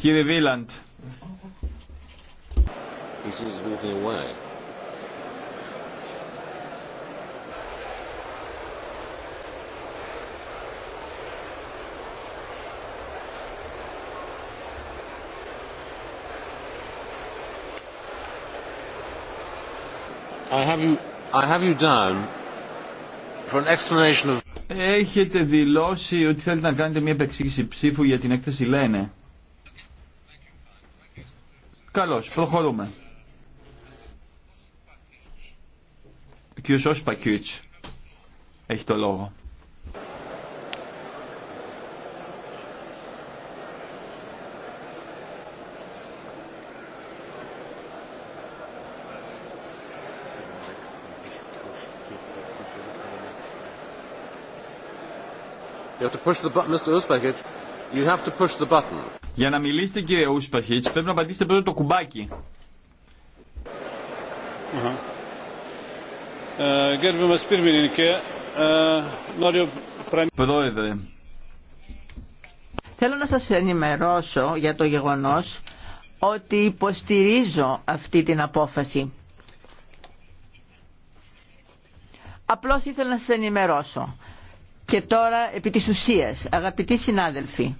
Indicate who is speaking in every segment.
Speaker 1: Κύριε Βίλαντ.
Speaker 2: I have you, I have you
Speaker 1: for an explanation of... Έχετε δηλώσει ότι θέλετε να κάνετε μια επεξήγηση ψήφου για την έκθεση Λένε. Καλώς, προχωρούμε. Ο κ. Σόσπακιουίτς έχει το λόγο.
Speaker 2: You have to push the button, Mr. Usbekic. You have to push the button.
Speaker 1: Για να μιλήσετε κύριε Ούσπαχιτ, πρέπει να πατήσετε πρώτα το κουμπάκι. Ε, ε, Πρόεδρε.
Speaker 3: Θέλω να σας ενημερώσω για το γεγονός ότι υποστηρίζω αυτή την απόφαση. Απλώς ήθελα να σας ενημερώσω. Και τώρα επί της ουσίας, αγαπητοί συνάδελφοι,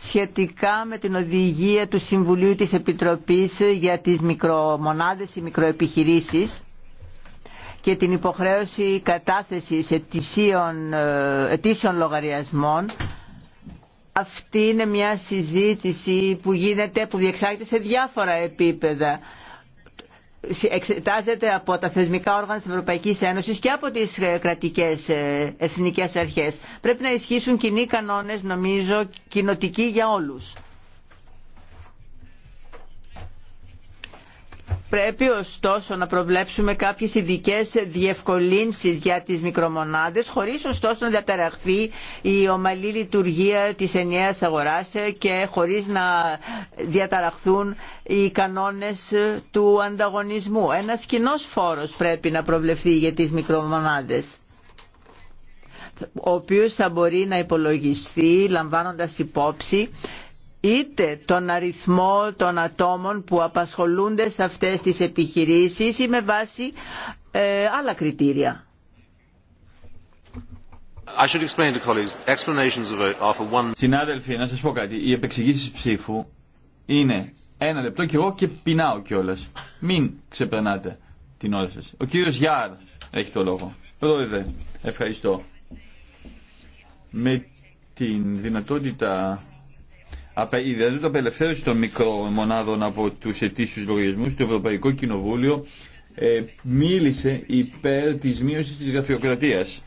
Speaker 3: σχετικά με την οδηγία του Συμβουλίου της Επιτροπής για τις μικρομονάδες ή μικροεπιχειρήσεις και την υποχρέωση κατάθεσης ετησίων, ε, ετήσιων λογαριασμών. Αυτή είναι μια συζήτηση που γίνεται, που διεξάγεται σε διάφορα επίπεδα εξετάζεται από τα θεσμικά όργανα της Ευρωπαϊκής Ένωσης και από τις ε, κρατικές ε, εθνικές αρχές. Πρέπει να ισχύσουν κοινοί κανόνες, νομίζω, κοινοτικοί για όλους. Πρέπει ωστόσο να προβλέψουμε κάποιες ειδικέ διευκολύνσεις για τις μικρομονάδες χωρίς ωστόσο να διαταραχθεί η ομαλή λειτουργία της ενιαίας αγοράς και χωρίς να διαταραχθούν οι κανόνες του ανταγωνισμού. Ένας κοινό φόρος πρέπει να προβλεφθεί για τις μικρομονάδες ο οποίος θα μπορεί να υπολογιστεί λαμβάνοντας υπόψη είτε τον αριθμό των ατόμων που απασχολούνται σε αυτές τις επιχειρήσεις ή με βάση ε, άλλα κριτήρια.
Speaker 1: Συνάδελφοι, να σας πω κάτι. Οι επεξηγήσεις ψήφου είναι ένα λεπτό και εγώ και πεινάω κιόλα. Μην ξεπερνάτε την ώρα σα. Ο κύριος Γιάρ έχει το λόγο. Πρόεδρε, ευχαριστώ. Με την δυνατότητα η δυνατότητα απελευθέρωση των μονάδων από τους ετήσιους λογαριασμούς, το Ευρωπαϊκό Κοινοβούλιο ε, μίλησε υπέρ της μείωσης της γραφειοκρατίας.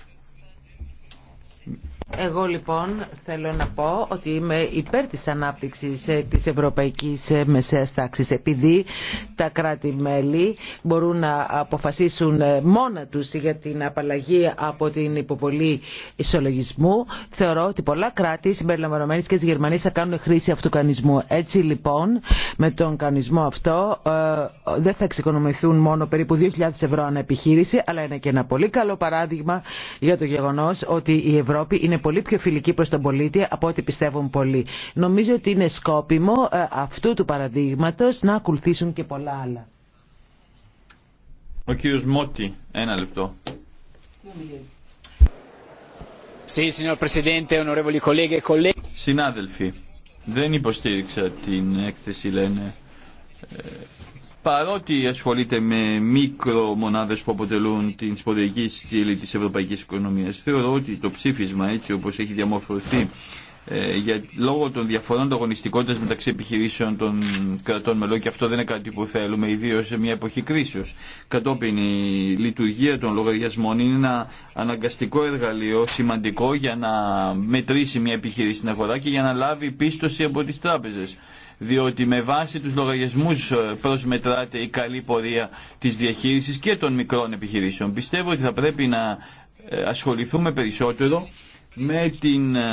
Speaker 3: Εγώ λοιπόν θέλω να πω ότι είμαι υπέρ της ανάπτυξης ε, της ευρωπαϊκής ε, μεσαίας τάξης επειδή τα κράτη-μέλη μπορούν να αποφασίσουν ε, μόνα τους για την απαλλαγή από την υποβολή ισολογισμού. Θεωρώ ότι πολλά κράτη συμπεριλαμβανομένης και τη Γερμανία, θα κάνουν χρήση αυτού του κανισμού. Έτσι λοιπόν με τον κανισμό αυτό δεν θα εξοικονομηθούν μόνο περίπου 2.000 ευρώ ανά επιχείρηση αλλά είναι και ένα πολύ καλό παράδειγμα για το γεγονός ότι η Ευρώπη είναι είναι πολύ πιο φιλική προς τον πολίτη από ό,τι πιστεύουν πολλοί. Νομίζω ότι είναι σκόπιμο ε, αυτού του παραδείγματος να
Speaker 4: ακολουθήσουν και πολλά άλλα.
Speaker 1: Ο κύριος Μότι, ένα λεπτό. E Συνάδελφοι, δεν υποστήριξα την έκθεση, λένε ε, παρότι ασχολείται με μικρο που αποτελούν την σπονδυλική στήλη της ευρωπαϊκής οικονομίας. Θεωρώ ότι το ψήφισμα έτσι όπως έχει διαμορφωθεί ε, για, λόγω των διαφορών ανταγωνιστικότητα μεταξύ επιχειρήσεων των κρατών μελών και αυτό δεν είναι κάτι που θέλουμε, ιδίω σε μια εποχή κρίσεω. Κατόπιν η λειτουργία των λογαριασμών είναι ένα αναγκαστικό εργαλείο σημαντικό για να μετρήσει μια επιχείρηση στην αγορά και για να λάβει πίστοση από τι τράπεζε διότι με βάση τους λογαριασμούς ε, προσμετράται η καλή πορεία της διαχείρισης και των μικρών επιχειρήσεων. Πιστεύω ότι θα πρέπει να ε, ασχοληθούμε περισσότερο με την ε,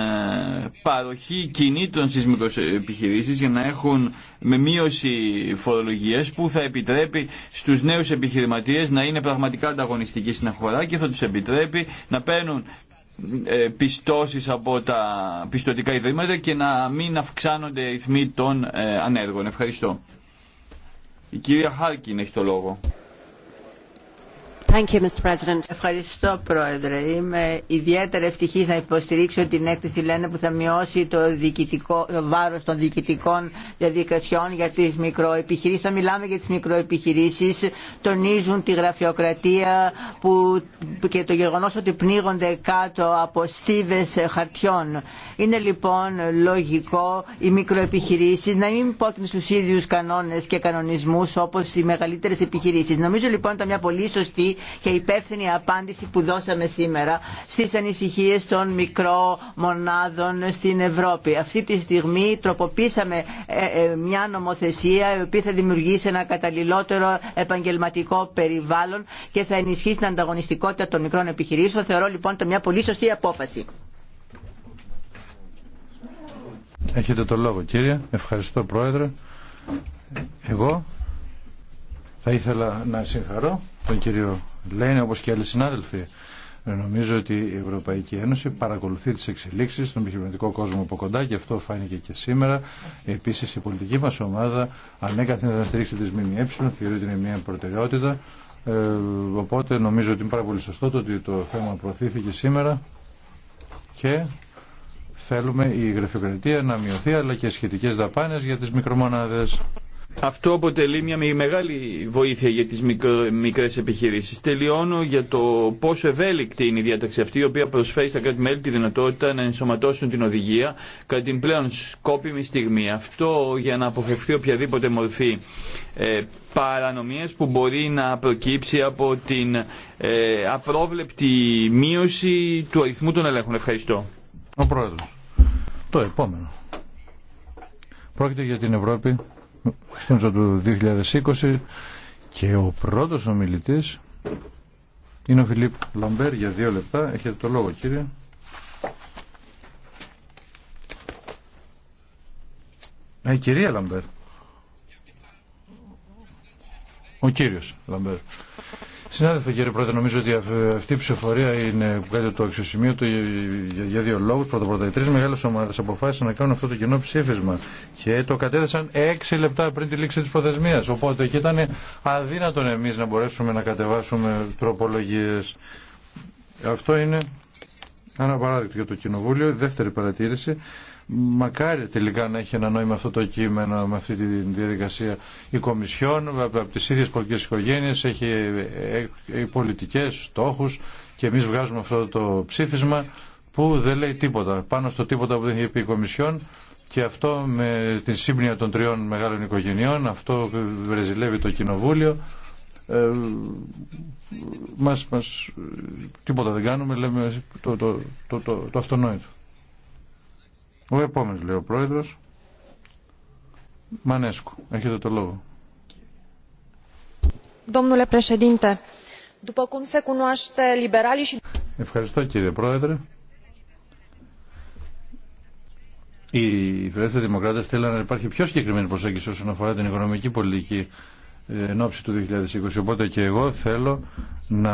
Speaker 1: παροχή κινήτων στις μικροεπιχειρήσεις για να έχουν με μείωση φορολογίες που θα επιτρέπει στους νέους επιχειρηματίες να είναι πραγματικά ανταγωνιστικοί στην αγορά και θα τους επιτρέπει να παίρνουν ε, πιστώσεις από τα πιστοτικά ιδρύματα και να μην αυξάνονται οι ρυθμοί των ε, ανέργων. Ευχαριστώ. Η κυρία Χάρκιν έχει το λόγο.
Speaker 3: Ευχαριστώ Πρόεδρε. Είμαι ιδιαίτερα ευτυχή να υποστηρίξω την έκθεση Λένε που θα μειώσει το, το βάρος των διοικητικών διαδικασιών για τι μικροεπιχειρήσει. Θα μιλάμε για τι μικροεπιχειρήσει. Τονίζουν τη γραφειοκρατία που, και το γεγονό ότι πνίγονται κάτω από στίβε χαρτιών. Είναι λοιπόν λογικό οι μικροεπιχειρήσει να μην υπόκεινουν στου ίδιου κανόνε και κανονισμού όπω οι μεγαλύτερε επιχειρήσει. Νομίζω λοιπόν ήταν μια πολύ σωστή και υπεύθυνη απάντηση που δώσαμε σήμερα στις ανησυχίες των μικρών μονάδων στην Ευρώπη. Αυτή τη στιγμή τροποποίησαμε ε, ε, μια νομοθεσία η οποία θα δημιουργήσει ένα καταλληλότερο επαγγελματικό περιβάλλον και θα ενισχύσει την ανταγωνιστικότητα των μικρών επιχειρήσεων. Θεωρώ λοιπόν το μια πολύ σωστή απόφαση.
Speaker 2: Έχετε το λόγο κύριε. Ευχαριστώ πρόεδρε. Εγώ θα ήθελα να συγχαρώ τον κύριο λένε όπως και άλλοι συνάδελφοι. Νομίζω ότι η Ευρωπαϊκή Ένωση παρακολουθεί τις εξελίξεις στον επιχειρηματικό κόσμο από κοντά και αυτό φάνηκε και σήμερα. Επίσης η πολιτική μας ομάδα ανέκαθεν θα στηρίξει τις ΜΜΕ, θεωρεί ότι είναι μια προτεραιότητα. Ε, οπότε νομίζω ότι είναι πάρα πολύ σωστό το ότι το θέμα προωθήθηκε σήμερα και θέλουμε η γραφειοκρατία να μειωθεί αλλά και σχετικές δαπάνες για τις μικρομονάδες. Αυτό
Speaker 1: αποτελεί μια μεγάλη βοήθεια για τις μικρές επιχειρήσεις. Τελειώνω για το πόσο ευέλικτη είναι η διάταξη αυτή, η οποία προσφέρει στα κράτη-μέλη τη δυνατότητα να ενσωματώσουν την οδηγία κατά την πλέον σκόπιμη στιγμή. Αυτό για να αποφευθεί οποιαδήποτε μορφή ε, παρανομίας που μπορεί να προκύψει από την ε, απρόβλεπτη μείωση του αριθμού των ελέγχων. Ευχαριστώ.
Speaker 2: Ο Πρόεδρος. Το επόμενο. Πρόκειται για την Ευρώπη στον του 2020 και ο πρώτος ομιλητής είναι ο Φιλίπ Λαμπέρ για δύο λεπτά. Έχετε το λόγο κύριε. Α, ε, η κυρία Λαμπέρ. Ο κύριος Λαμπέρ. Συνάδελφε κύριε Πρόεδρε, νομίζω ότι αυτή η ψηφοφορία είναι κάτι το αξιοσημείωτο για δύο λόγου. Πρώτα πρώτα, οι τρει μεγάλε ομάδε αποφάσισαν να κάνουν αυτό το κοινό ψήφισμα και το κατέθεσαν έξι λεπτά πριν τη λήξη τη προθεσμία. Οπότε και ήταν αδύνατον εμεί να μπορέσουμε να κατεβάσουμε τροπολογίε. Αυτό είναι παράδειγμα για το Κοινοβούλιο. Δεύτερη παρατήρηση. Μακάρι τελικά να έχει ένα νόημα αυτό το κείμενο με αυτή τη διαδικασία η Κομισιόν από τις ίδιες πολιτικές οικογένειες έχει ε, ε, πολιτικές στόχους και εμείς βγάζουμε αυτό το ψήφισμα που δεν λέει τίποτα πάνω στο τίποτα που δεν έχει πει η Κομισιόν και αυτό με την σύμπνοια των τριών μεγάλων οικογενειών αυτό βρεζιλεύει το Κοινοβούλιο ε, μας, μας, τίποτα δεν κάνουμε, λέμε το, το, το, το, το αυτονόητο. Ο επόμενος λέει ο πρόεδρος, Μανέσκου, έχετε το λόγο. Ευχαριστώ κύριε Πρόεδρε. Οι Φιλελεύθεροι Δημοκράτε θέλουν να υπάρχει πιο συγκεκριμένη προσέγγιση όσον αφορά την οικονομική πολιτική εν ώψη του 2020. Οπότε και εγώ θέλω να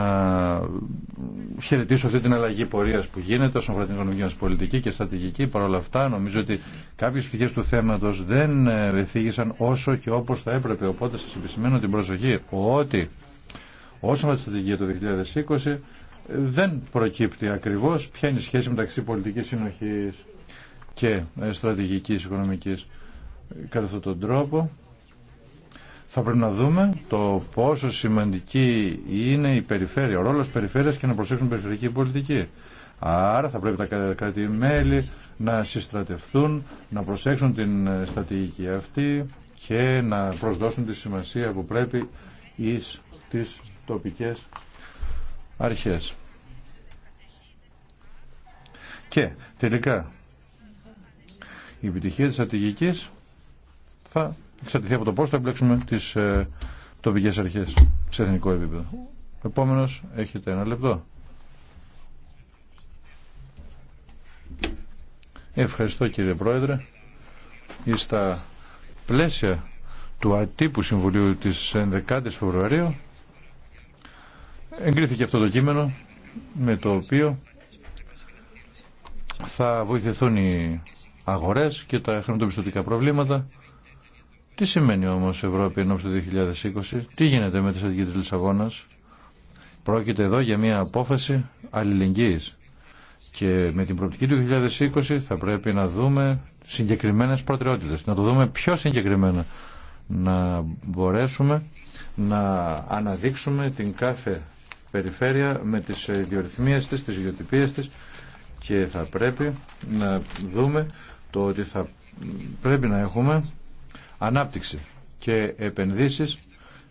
Speaker 2: χαιρετήσω αυτή την αλλαγή πορείας που γίνεται όσον αφορά την οικονομική μας πολιτική και στρατηγική. Παρ' όλα αυτά νομίζω ότι κάποιες πτυχές του θέματος δεν ε, εθίγησαν όσο και όπως θα έπρεπε. Οπότε σας επισημαίνω την προσοχή ότι όσον αφορά τη στρατηγία του 2020 δεν προκύπτει ακριβώς ποια είναι η σχέση μεταξύ πολιτικής συνοχής και ε, στρατηγικής οικονομικής. Κατά αυτόν τον τρόπο θα πρέπει να δούμε το πόσο σημαντική είναι η περιφέρεια, ο ρόλος περιφέρειας και να προσέξουν περιφερειακή πολιτική. Άρα θα πρέπει τα κράτη-μέλη να συστρατευτούν, να προσέξουν την ε, στατηγική αυτή και να προσδώσουν τη σημασία που πρέπει εις τις τοπικές αρχές. Και τελικά η επιτυχία της στρατηγικής θα εξαρτηθεί από το πώς θα εμπλέξουμε τις ε, τοπικές αρχές σε εθνικό επίπεδο. Επόμενος, έχετε ένα λεπτό. Ευχαριστώ κύριε Πρόεδρε. Ή στα πλαίσια του ατύπου Συμβουλίου της 11ης Φεβρουαρίου εγκρίθηκε αυτό το κείμενο με το οποίο θα βοηθηθούν οι αγορές και τα χρηματοπιστωτικά προβλήματα τι σημαίνει όμως Ευρώπη ενώπιση του 2020, τι γίνεται με τη στρατηγική της Λισαβόνας. Πρόκειται εδώ για μια απόφαση αλληλεγγύης. Και με την προοπτική του 2020 θα πρέπει να δούμε συγκεκριμένες προτεραιότητες, να το δούμε πιο συγκεκριμένα, να μπορέσουμε να αναδείξουμε την κάθε περιφέρεια με τις διορυθμίες της, τις της και θα πρέπει να δούμε το ότι θα πρέπει να έχουμε ανάπτυξη και επενδύσεις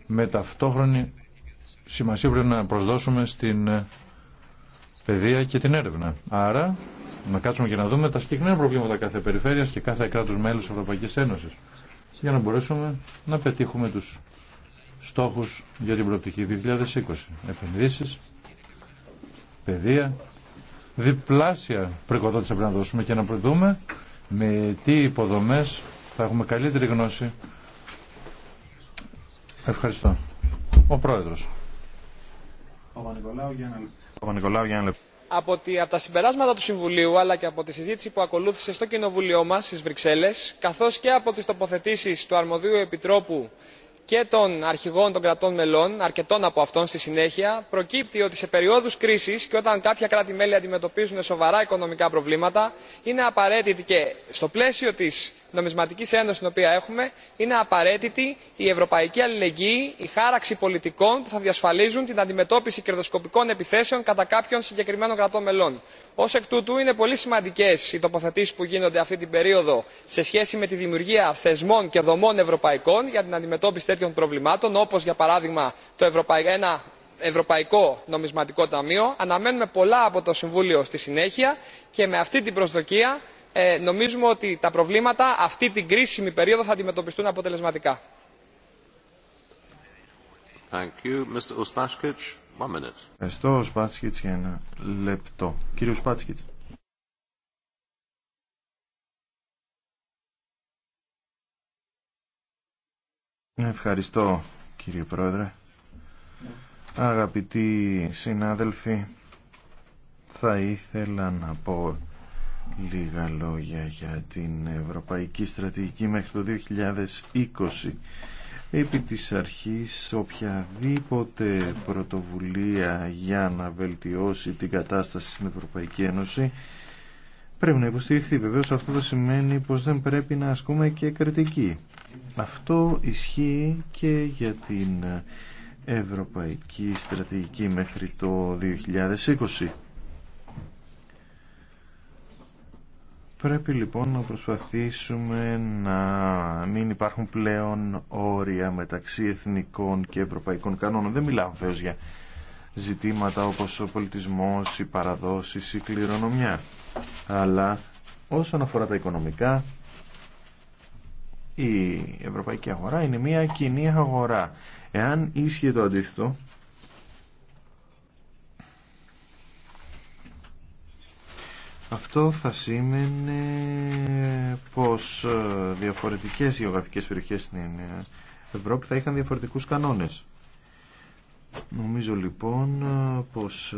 Speaker 2: με ταυτόχρονη σημασία πρέπει να προσδώσουμε στην ε, παιδεία και την έρευνα. Άρα να κάτσουμε και να δούμε τα συγκεκριμένα προβλήματα κάθε περιφέρειας και κάθε κράτους μέλους της Ευρωπαϊκής Ένωσης για να μπορέσουμε να πετύχουμε τους στόχους για την προοπτική 2020. Επενδύσεις, παιδεία, διπλάσια πρικοδότηση πρέπει να δώσουμε και να προδούμε με τι υποδομές θα έχουμε καλύτερη γνώση. Ευχαριστώ. Ο Πρόεδρος.
Speaker 5: Ο
Speaker 6: Παπα-Νικολάου για ενα
Speaker 5: Από, τα συμπεράσματα του Συμβουλίου αλλά και από τη συζήτηση που ακολούθησε στο Κοινοβούλιο μας στις Βρυξέλλες καθώς και από τις τοποθετήσεις του Αρμοδίου Επιτρόπου και των αρχηγών των κρατών μελών αρκετών από αυτών στη συνέχεια προκύπτει ότι σε περιόδους κρίσης και όταν κάποια κράτη μέλη αντιμετωπίζουν σοβαρά οικονομικά προβλήματα είναι απαραίτητη και στο πλαίσιο της νομισματική ένωση την οποία έχουμε είναι απαραίτητη η ευρωπαϊκή αλληλεγγύη η χάραξη πολιτικών που θα διασφαλίζουν την αντιμετώπιση κερδοσκοπικών επιθέσεων κατά κάποιων συγκεκριμένων κρατών μελών. ως εκ τούτου είναι πολύ σημαντικέ οι τοποθετήσει που γίνονται αυτή την περίοδο σε σχέση με τη δημιουργία θεσμών και δομών ευρωπαϊκών για την αντιμετώπιση τέτοιων προβλημάτων όπω για παράδειγμα ένα ευρωπαϊκό νομισματικό ταμείο. αναμένουμε πολλά από το συμβούλιο στη συνέχεια και με αυτή την προσδοκία ε, νομίζουμε ότι τα προβλήματα αυτή την κρίσιμη περίοδο θα αντιμετωπιστούν αποτελεσματικά.
Speaker 2: Ευχαριστώ,
Speaker 6: Ευχαριστώ, κύριε Πρόεδρε. Αγαπητοί συνάδελφοι, θα ήθελα να πω λίγα λόγια για την Ευρωπαϊκή Στρατηγική μέχρι το 2020. Επί της αρχής οποιαδήποτε πρωτοβουλία για να βελτιώσει την κατάσταση στην Ευρωπαϊκή Ένωση πρέπει να υποστηριχθεί. Βεβαίως αυτό δεν σημαίνει πως δεν πρέπει να ασκούμε και κριτική. Αυτό ισχύει και για την Ευρωπαϊκή Στρατηγική μέχρι το 2020 Πρέπει λοιπόν να προσπαθήσουμε να μην υπάρχουν πλέον όρια μεταξύ εθνικών και ευρωπαϊκών κανόνων. Δεν μιλάω βέβαια για ζητήματα όπως ο πολιτισμός, οι παραδόσεις, η κληρονομιά. Αλλά όσον αφορά τα οικονομικά, η ευρωπαϊκή αγορά είναι μια κοινή αγορά. Εάν ίσχυε το αντίθετο, Αυτό θα σήμαινε πως ε, διαφορετικές γεωγραφικές περιοχές στην ε, Ευρώπη θα είχαν διαφορετικούς κανόνες. Νομίζω λοιπόν ε, πως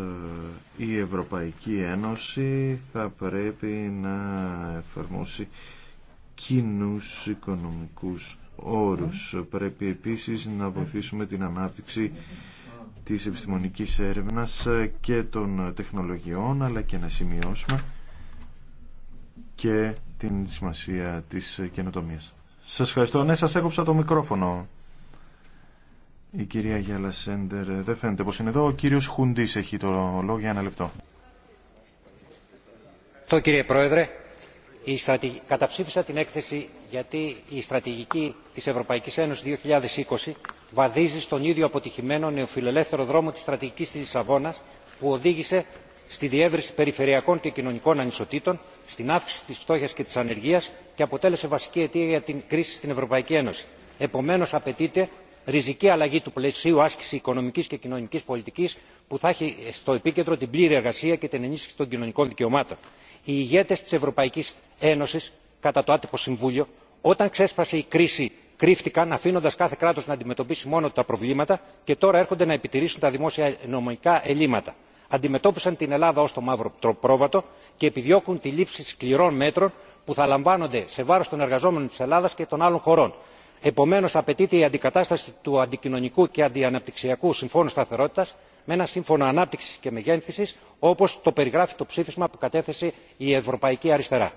Speaker 6: η Ευρωπαϊκή Ένωση θα πρέπει να εφαρμόσει κοινούς οικονομικούς όρους. Πρέπει επίσης να βοηθήσουμε την ανάπτυξη της επιστημονικής έρευνας και των τεχνολογιών αλλά και να σημειώσουμε και την σημασία της καινοτομίας. Σας ευχαριστώ. Ναι, σας έκοψα το μικρόφωνο. Η κυρία Γιάλα Σέντερ δεν φαίνεται πως είναι εδώ. Ο κύριος Χουντής έχει το λόγο για ένα λεπτό.
Speaker 4: Το κύριε Πρόεδρε. Η στρατη... Καταψήφισα την έκθεση γιατί η στρατηγική της Ευρωπαϊκής Ένωσης 2020 βαδίζει στον ίδιο αποτυχημένο νεοφιλελεύθερο δρόμο της στρατηγικής της Λισαβόνας που οδήγησε στη διεύρυνση περιφερειακών και κοινωνικών ανισοτήτων στην αύξηση τη φτώχεια και τη ανεργία και αποτέλεσε βασική αιτία για την κρίση στην ευρωπαϊκή ένωση. επομένω απαιτείται ριζική αλλαγή του πλαισίου άσκηση οικονομική και κοινωνική πολιτική που θα έχει στο επίκεντρο την πλήρη εργασία και την ενίσχυση των κοινωνικών δικαιωμάτων. οι ηγέτε τη ευρωπαϊκή ένωση κατά το άτυπο συμβούλιο όταν ξέσπασε η κρίση κρύφτηκαν αφήνοντα κάθε κράτο να αντιμετωπίσει μόνο τα προβλήματα και τώρα έρχονται να επιτηρήσουν τα δημόσια οικονομικά ελλείμματα αντιμετώπισαν την ελλάδα ω το μαύρο πρόβατο και επιδιώκουν τη λήψη σκληρών μέτρων που θα λαμβάνονται σε βάρος των εργαζομένων της ελλάδας και των άλλων χωρών. επομένως απαιτείται η αντικατάσταση του αντικοινωνικού και αντιαναπτυξιακού συμφώνου σταθερότητα με ένα σύμφωνο ανάπτυξης και μεγέθυνση όπω το περιγράφει το ψήφισμα που κατέθεσε η ευρωπαϊκή αριστερά.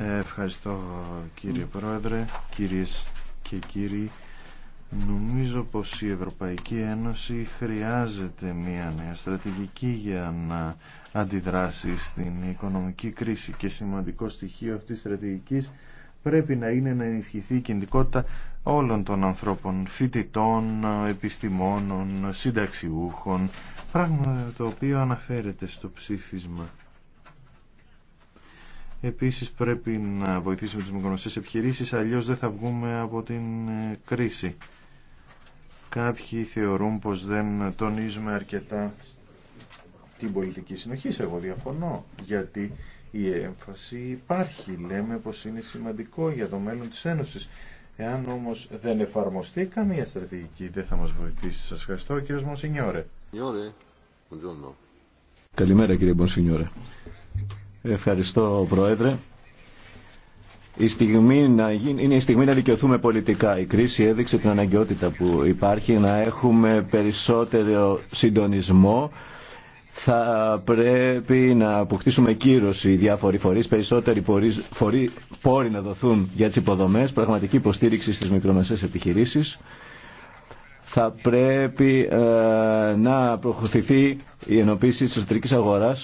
Speaker 6: Ευχαριστώ κύριε Πρόεδρε, κυρίες και κύριοι. Νομίζω πως η Ευρωπαϊκή Ένωση χρειάζεται μια νέα στρατηγική για να αντιδράσει στην οικονομική κρίση και σημαντικό στοιχείο αυτής της στρατηγικής πρέπει να είναι να ενισχυθεί η κινητικότητα όλων των ανθρώπων, φοιτητών, επιστημόνων, συνταξιούχων, πράγμα το οποίο αναφέρεται στο ψήφισμα Επίσης πρέπει να βοηθήσουμε τις μικρομεσαίες επιχειρήσεις, αλλιώς δεν θα βγούμε από την ε, κρίση. Κάποιοι θεωρούν πως δεν τονίζουμε αρκετά την πολιτική συνοχή. Εγώ διαφωνώ, γιατί η έμφαση υπάρχει. Λέμε πως είναι σημαντικό για το μέλλον της Ένωσης. Εάν όμως δεν εφαρμοστεί, καμία στρατηγική δεν θα μας βοηθήσει. Σας ευχαριστώ, κύριος Μονσινιόρε.
Speaker 7: Καλημέρα κύριε Μονσινιόρε. Ευχαριστώ, Πρόεδρε. Η στιγμή να γίνει, είναι η στιγμή να δικαιωθούμε πολιτικά. Η κρίση έδειξε την αναγκαιότητα που υπάρχει να έχουμε περισσότερο συντονισμό. Θα πρέπει να αποκτήσουμε κύρωση οι διάφοροι φορεί, περισσότεροι φορεί, πόροι να δοθούν για τις υποδομέ, πραγματική υποστήριξη στις μικρομεσαίες επιχειρήσει. Θα πρέπει ε, να προχωρηθεί η ενοποίηση τη εσωτερική αγορά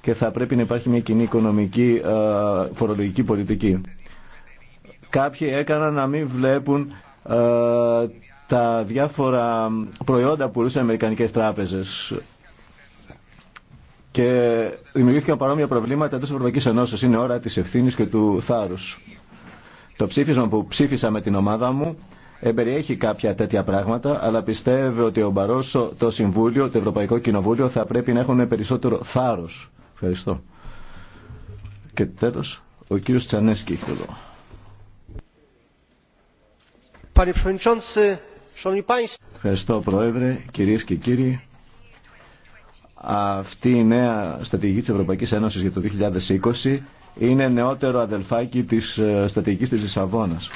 Speaker 7: και θα πρέπει να υπάρχει μια κοινή οικονομική φορολογική πολιτική. Κάποιοι έκαναν να μην βλέπουν τα διάφορα προϊόντα που πουλούσαν οι Αμερικανικές τράπεζες και δημιουργήθηκαν παρόμοια προβλήματα εντός Ευρωπαϊκής Ενώσης. Είναι ώρα τη ευθύνη και του θάρρου. Το ψήφισμα που ψήφισα με την ομάδα μου εμπεριέχει κάποια τέτοια πράγματα, αλλά πιστεύω ότι ο Μπαρόσο, το Συμβούλιο, το Ευρωπαϊκό Κοινοβούλιο θα πρέπει να έχουν περισσότερο θάρρο Ευχαριστώ. Και τέλος, ο κύριος Τσανέσκι έχει το λόγο. Ευχαριστώ Πρόεδρε, κυρίες και κύριοι. Αυτή η νέα στρατηγική της Ευρωπαϊκής Ένωσης για το 2020 είναι νεότερο αδελφάκι της ε, στρατηγικής της Λισαβόνας.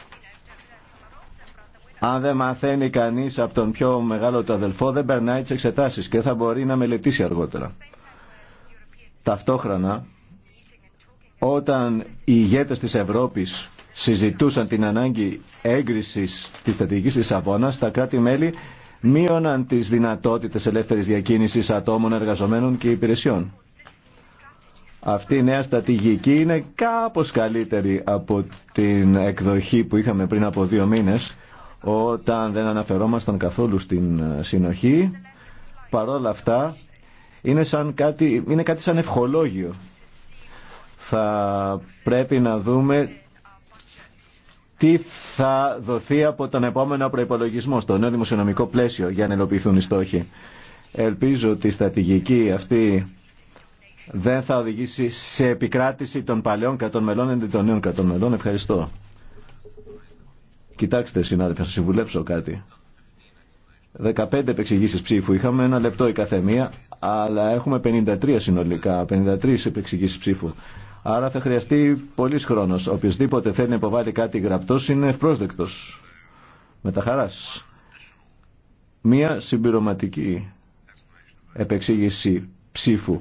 Speaker 7: Αν δεν μαθαίνει κανείς από τον πιο μεγάλο του αδελφό δεν περνάει τις εξετάσεις και θα μπορεί να μελετήσει αργότερα. Ταυτόχρονα, όταν οι ηγέτες της Ευρώπης συζητούσαν την ανάγκη έγκρισης της στρατηγικής της τα κράτη-μέλη μείωναν τις δυνατότητες ελεύθερης διακίνησης ατόμων εργαζομένων και υπηρεσιών. Αυτή η νέα στρατηγική είναι κάπως καλύτερη από την εκδοχή που είχαμε πριν από δύο μήνες, όταν δεν αναφερόμασταν καθόλου στην συνοχή. Παρόλα αυτά, είναι, σαν κάτι, είναι κάτι σαν ευχολόγιο. Θα πρέπει να δούμε τι θα δοθεί από τον επόμενο προπολογισμό στο νέο δημοσιονομικό πλαίσιο για να ελοπιθούν οι στόχοι. Ελπίζω ότι η στρατηγική αυτή δεν θα οδηγήσει σε επικράτηση των παλαιών κρατών μελών εντί των νέων κρατών μελών. Ευχαριστώ. Κοιτάξτε, συνάδελφοι, θα σας συμβουλέψω κάτι. 15 επεξηγήσεις ψήφου είχαμε, ένα λεπτό η καθεμία αλλά έχουμε 53 συνολικά, 53 επεξηγήσει ψήφου. Άρα θα χρειαστεί πολλή χρόνο. Οποιοδήποτε θέλει να υποβάλει κάτι γραπτό είναι ευπρόσδεκτο. Με τα χαρά. Μία συμπληρωματική επεξήγηση ψήφου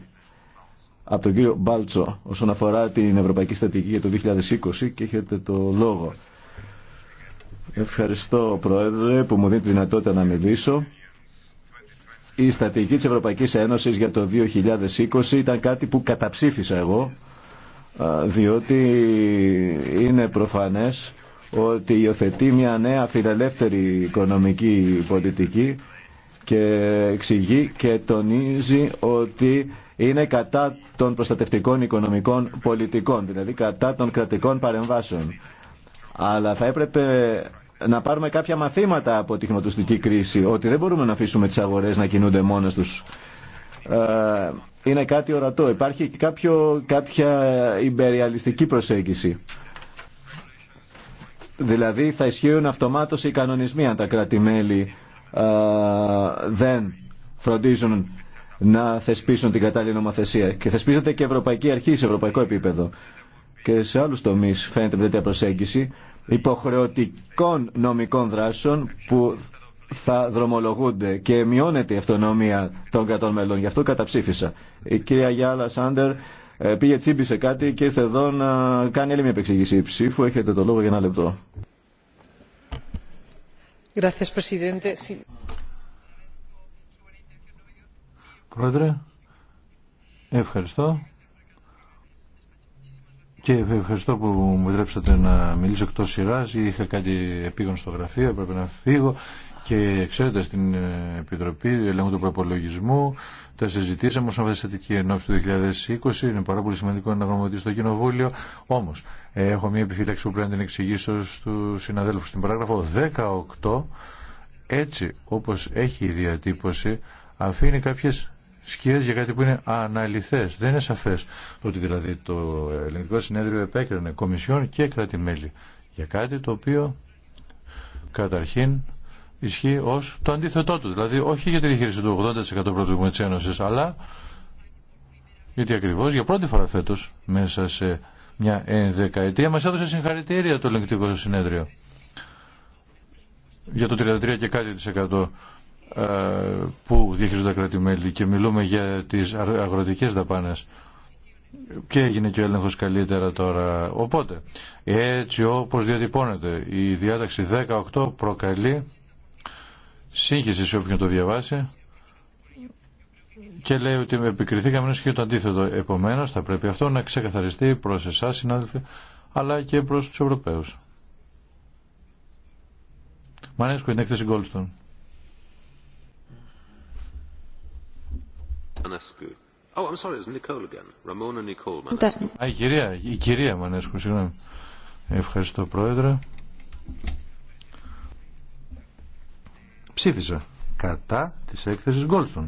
Speaker 7: από τον κύριο Μπάλτσο όσον αφορά την Ευρωπαϊκή Στατική για το 2020 και έχετε το λόγο. Ευχαριστώ Πρόεδρε που μου δίνει τη δυνατότητα να μιλήσω η στρατηγική της Ευρωπαϊκής Ένωσης για το 2020 ήταν κάτι που καταψήφισα εγώ διότι είναι προφανές ότι υιοθετεί μια νέα φιλελεύθερη οικονομική πολιτική και εξηγεί και τονίζει ότι είναι κατά των προστατευτικών οικονομικών πολιτικών, δηλαδή κατά των κρατικών παρεμβάσεων. Αλλά θα έπρεπε να πάρουμε κάποια μαθήματα από τη χρηματοστική κρίση, ότι δεν μπορούμε να αφήσουμε τις αγορές να κινούνται μόνες τους. Ε, είναι κάτι ορατό. Υπάρχει κάποιο, κάποια υπεριαλιστική προσέγγιση. Δηλαδή θα ισχύουν αυτομάτως οι κανονισμοί αν τα κράτη-μέλη ε, δεν φροντίζουν να θεσπίσουν την κατάλληλη νομοθεσία. Και θεσπίζεται και ευρωπαϊκή αρχή σε ευρωπαϊκό επίπεδο. Και σε άλλους τομείς φαίνεται με τέτοια προσέγγιση υποχρεωτικών νομικών δράσεων που θα δρομολογούνται και μειώνεται η αυτονομία των κρατών μελών. Γι' αυτό καταψήφισα. Η κυρία Γιάλα Σάντερ ε, πήγε σε κάτι και ήρθε εδώ να κάνει άλλη μια επεξήγηση ψήφου. Έχετε το λόγο για ένα
Speaker 2: λεπτό. Πρόεδρε, ευχαριστώ. Και ε, ευχαριστώ που μου επιτρέψατε να μιλήσω εκτός σειράς. Είχα κάτι επίγον στο γραφείο, έπρεπε να φύγω. Και ξέρετε, στην ε, Επιτροπή Ελέγχου του Προπολογισμού τα συζητήσαμε όσον αφορά τη ενόψη του 2020. Είναι πάρα πολύ σημαντικό να γνωμοδοτεί το Κοινοβούλιο. Όμω, έχω μία επιφύλαξη που πρέπει να την εξηγήσω στου συναδέλφου. Στην παράγραφο 18, έτσι όπω έχει η διατύπωση, αφήνει κάποιες σκιές για κάτι που είναι αναλυθές. Δεν είναι σαφές ότι δηλαδή το Ελληνικό Συνέδριο επέκρινε κομισιόν και κράτη-μέλη για κάτι το οποίο καταρχήν ισχύει ως το αντίθετό του. Δηλαδή όχι για τη διαχείριση του 80% πρωτοβουλίου της Ένωσης, αλλά γιατί ακριβώς για πρώτη φορά φέτος μέσα σε μια δεκαετία μας έδωσε συγχαρητήρια το ελληνικό συνέδριο για το 33% και κάτι ε, που διαχειρίζονται τα κράτη-μέλη και μιλούμε για τις αγροτικές δαπάνες και έγινε και ο έλεγχος καλύτερα τώρα. Οπότε, έτσι όπως διατυπώνεται, η διάταξη 18 προκαλεί σύγχυση σε όποιον το διαβάσει και λέει ότι επικριθήκαμε ενώ και το αντίθετο. Επομένως, θα πρέπει αυτό να ξεκαθαριστεί προς εσάς, συνάδελφοι, αλλά και προς τους Ευρωπαίους. Μανέσκο, είναι έκθεση Goldstone.
Speaker 4: Oh, I'm sorry, it's Nicole again. Ramona Nicole Manescu.
Speaker 2: Α, η κυρία, η κυρία Μανέσκου, συγγνώμη. Ευχαριστώ, Πρόεδρε. Ψήφισα κατά της έκθεσης Goldstone.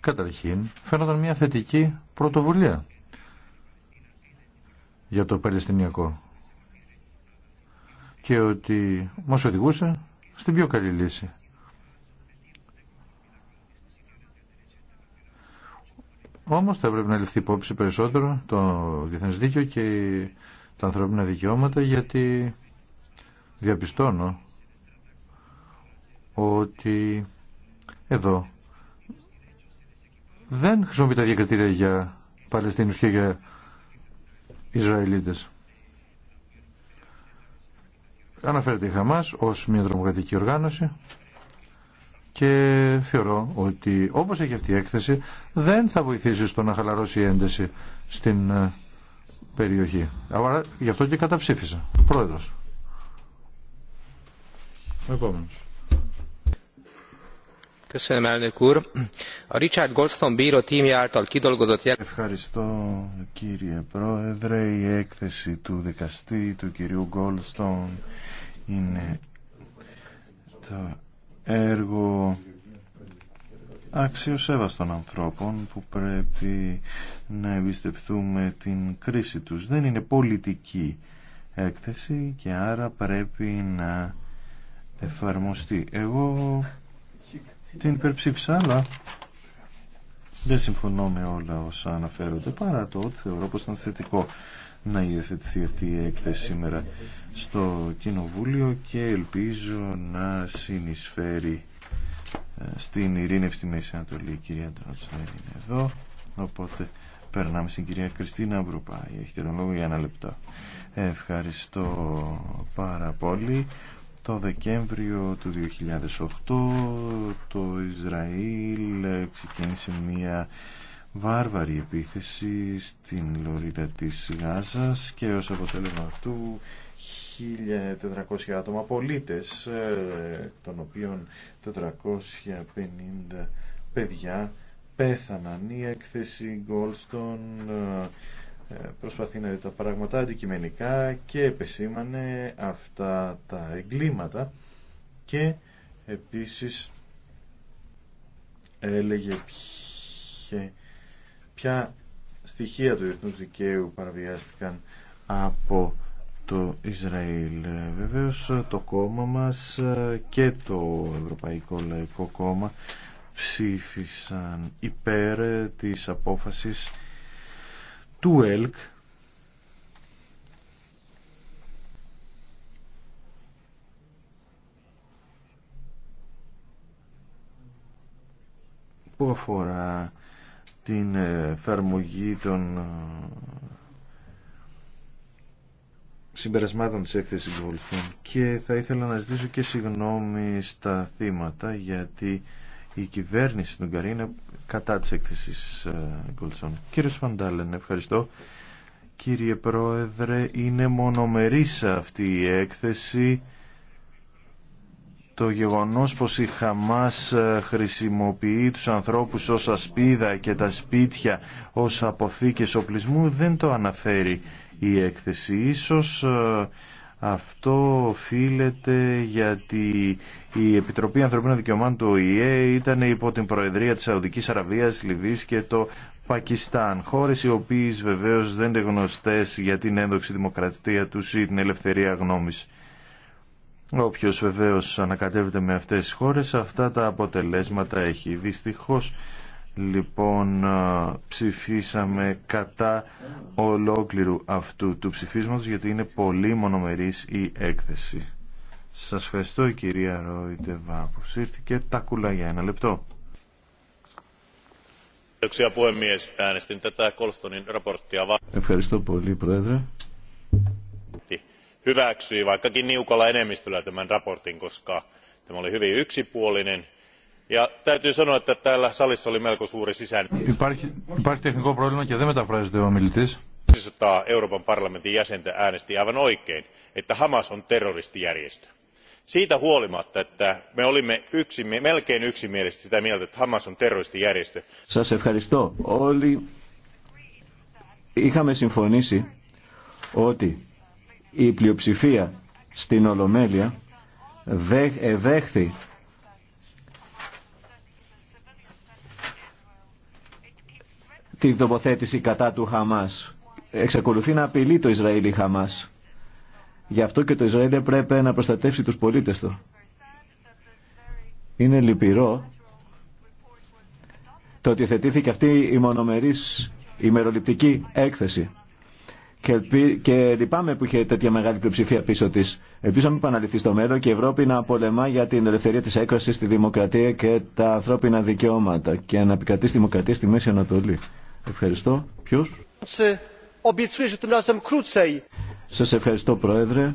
Speaker 2: Καταρχήν, φαίνονταν μια θετική πρωτοβουλία για το Παλαιστινιακό και ότι μας οδηγούσε στην πιο καλή λύση. Όμω θα πρέπει να ληφθεί υπόψη περισσότερο το Διεθνέ δίκαιο και τα ανθρώπινα δικαιώματα γιατί διαπιστώνω ότι εδώ δεν χρησιμοποιεί τα διακριτήρια για Παλαιστίνους και για Ισραηλίτες. Αναφέρεται η Χαμάς ως μια τρομοκρατική οργάνωση και θεωρώ ότι όπως έχει αυτή η έκθεση δεν θα βοηθήσει στο να χαλαρώσει η ένταση στην ε, περιοχή. Άρα γι' αυτό και καταψήφισα. Πρόεδρος.
Speaker 4: Ο Ευχαριστώ
Speaker 6: κύριε Πρόεδρε. Η έκθεση του δικαστή του κυρίου Γκόλστον είναι το έργο αξιοσέβαστων ανθρώπων που πρέπει να εμπιστευτούμε την κρίση τους. Δεν είναι πολιτική έκθεση και άρα πρέπει να εφαρμοστεί. Εγώ την υπερψήφισα, αλλά δεν συμφωνώ με όλα όσα αναφέρονται, παρά το ότι θεωρώ πως ήταν θετικό να υιοθετηθεί αυτή η έκθεση σήμερα στο Κοινοβούλιο και ελπίζω να συνεισφέρει ε, στην ειρήνευση στη Μέση Ανατολή. Η κυρία Ντρότς δεν είναι εδώ, οπότε περνάμε στην κυρία Κριστίνα Μπρουπάη. Έχετε τον λόγο για ένα λεπτό. Ευχαριστώ πάρα πολύ. Το Δεκέμβριο του 2008 το Ισραήλ ξεκίνησε μια βάρβαρη επίθεση στην λωρίδα της Γάζας και ως αποτέλεσμα αυτού 1.400 άτομα πολίτες, ε, των οποίων 450 παιδιά πέθαναν. Η έκθεση Γκόλστον ε, ε, προσπαθεί να δει τα πράγματα αντικειμενικά και επεσήμανε αυτά τα εγκλήματα και επίσης έλεγε ποια στοιχεία του διεθνούς δικαίου παραβιάστηκαν από το Ισραήλ. Βεβαίως το κόμμα μας και το Ευρωπαϊκό Λαϊκό Κόμμα ψήφισαν υπέρ της απόφασης του ΕΛΚ
Speaker 2: που αφορά
Speaker 6: την εφαρμογή των ε, συμπερασμάτων της έκθεσης και θα ήθελα να ζητήσω και συγγνώμη στα θύματα γιατί η κυβέρνηση του Ουγγαρία είναι κατά της έκθεσης ε, Γκολτσόν. Κύριε Φαντάλεν, ευχαριστώ. Κύριε Πρόεδρε, είναι μονομερής αυτή η έκθεση το γεγονός πως η Χαμάς ε, χρησιμοποιεί τους ανθρώπους ως ασπίδα και τα σπίτια ως αποθήκες οπλισμού δεν το αναφέρει η έκθεση. Ίσως ε, αυτό οφείλεται γιατί η Επιτροπή Ανθρωπίνων Δικαιωμάτων του ΟΗΕ ήταν υπό την Προεδρία της Σαουδικής Αραβίας, Λιβύης και το Πακιστάν, χώρες οι οποίες βεβαίως δεν είναι γνωστές για την ένδοξη δημοκρατία τους ή την ελευθερία γνώμης. Όποιος βεβαίως ανακατεύεται με αυτές τις χώρες, αυτά τα αποτελέσματα έχει. Δυστυχώς λοιπόν ψηφίσαμε κατά ολόκληρου αυτού του ψηφίσματος γιατί είναι πολύ μονομερής η έκθεση. Σας ευχαριστώ η κυρία Ρόιτεβα που σύρθηκε τα κουλά για ένα λεπτό.
Speaker 7: Ευχαριστώ πολύ πρόεδρε
Speaker 4: hyväksyi vaikkakin niukalla enemmistöllä tämän mietinnön koska tämä oli hyvin yksipuolinen ja täytyy sanoa että täällä salissa oli melko suuri sisäinen. Υπάρχει, Euroopan parlamentin jäsentä äänesti aivan oikein, että Hamas on terroristijärjestö. Siitä huolimatta, että me olimme yksi, melkein yksimielisesti sitä mieltä, että Hamas on terroristijärjestö
Speaker 7: η πλειοψηφία στην Ολομέλεια εδέχθη την τοποθέτηση κατά του Χαμάς. Εξακολουθεί να απειλεί το Ισραήλ η Χαμάς. Γι' αυτό και το Ισραήλ πρέπει να προστατεύσει τους πολίτες του. Είναι λυπηρό το ότι θετήθηκε αυτή η μονομερής ημεροληπτική έκθεση. Και, και λυπάμαι που είχε τέτοια μεγάλη πλειοψηφία πίσω τη. Ελπίζω να μην επαναληφθεί στο μέλλον και η Ευρώπη να πολεμά για την ελευθερία τη έκφραση, τη δημοκρατία και τα ανθρώπινα δικαιώματα και να επικρατεί τη δημοκρατία στη Μέση Ανατολή. Ευχαριστώ. Ποιο. Σα ευχαριστώ, Πρόεδρε.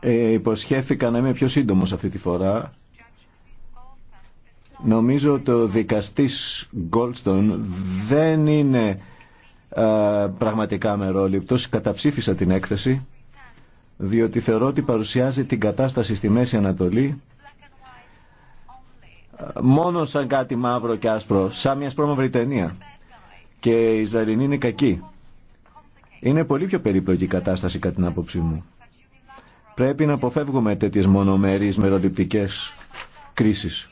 Speaker 7: Ε, υποσχέθηκα να είμαι πιο σύντομο αυτή τη φορά. Νομίζω ότι ο δικαστής Γκόλστον δεν είναι ε, πραγματικά μερόληπτος. Καταψήφισα την έκθεση διότι θεωρώ ότι παρουσιάζει την κατάσταση στη Μέση Ανατολή ε, μόνο σαν κάτι μαύρο και άσπρο, σαν μια σπρώμα Και η Ισραηλινή είναι κακή. Είναι πολύ πιο περίπλοκη η κατάσταση κατά την άποψή μου. Πρέπει να αποφεύγουμε τέτοιες μονομερείς μεροληπτικές κρίσεις.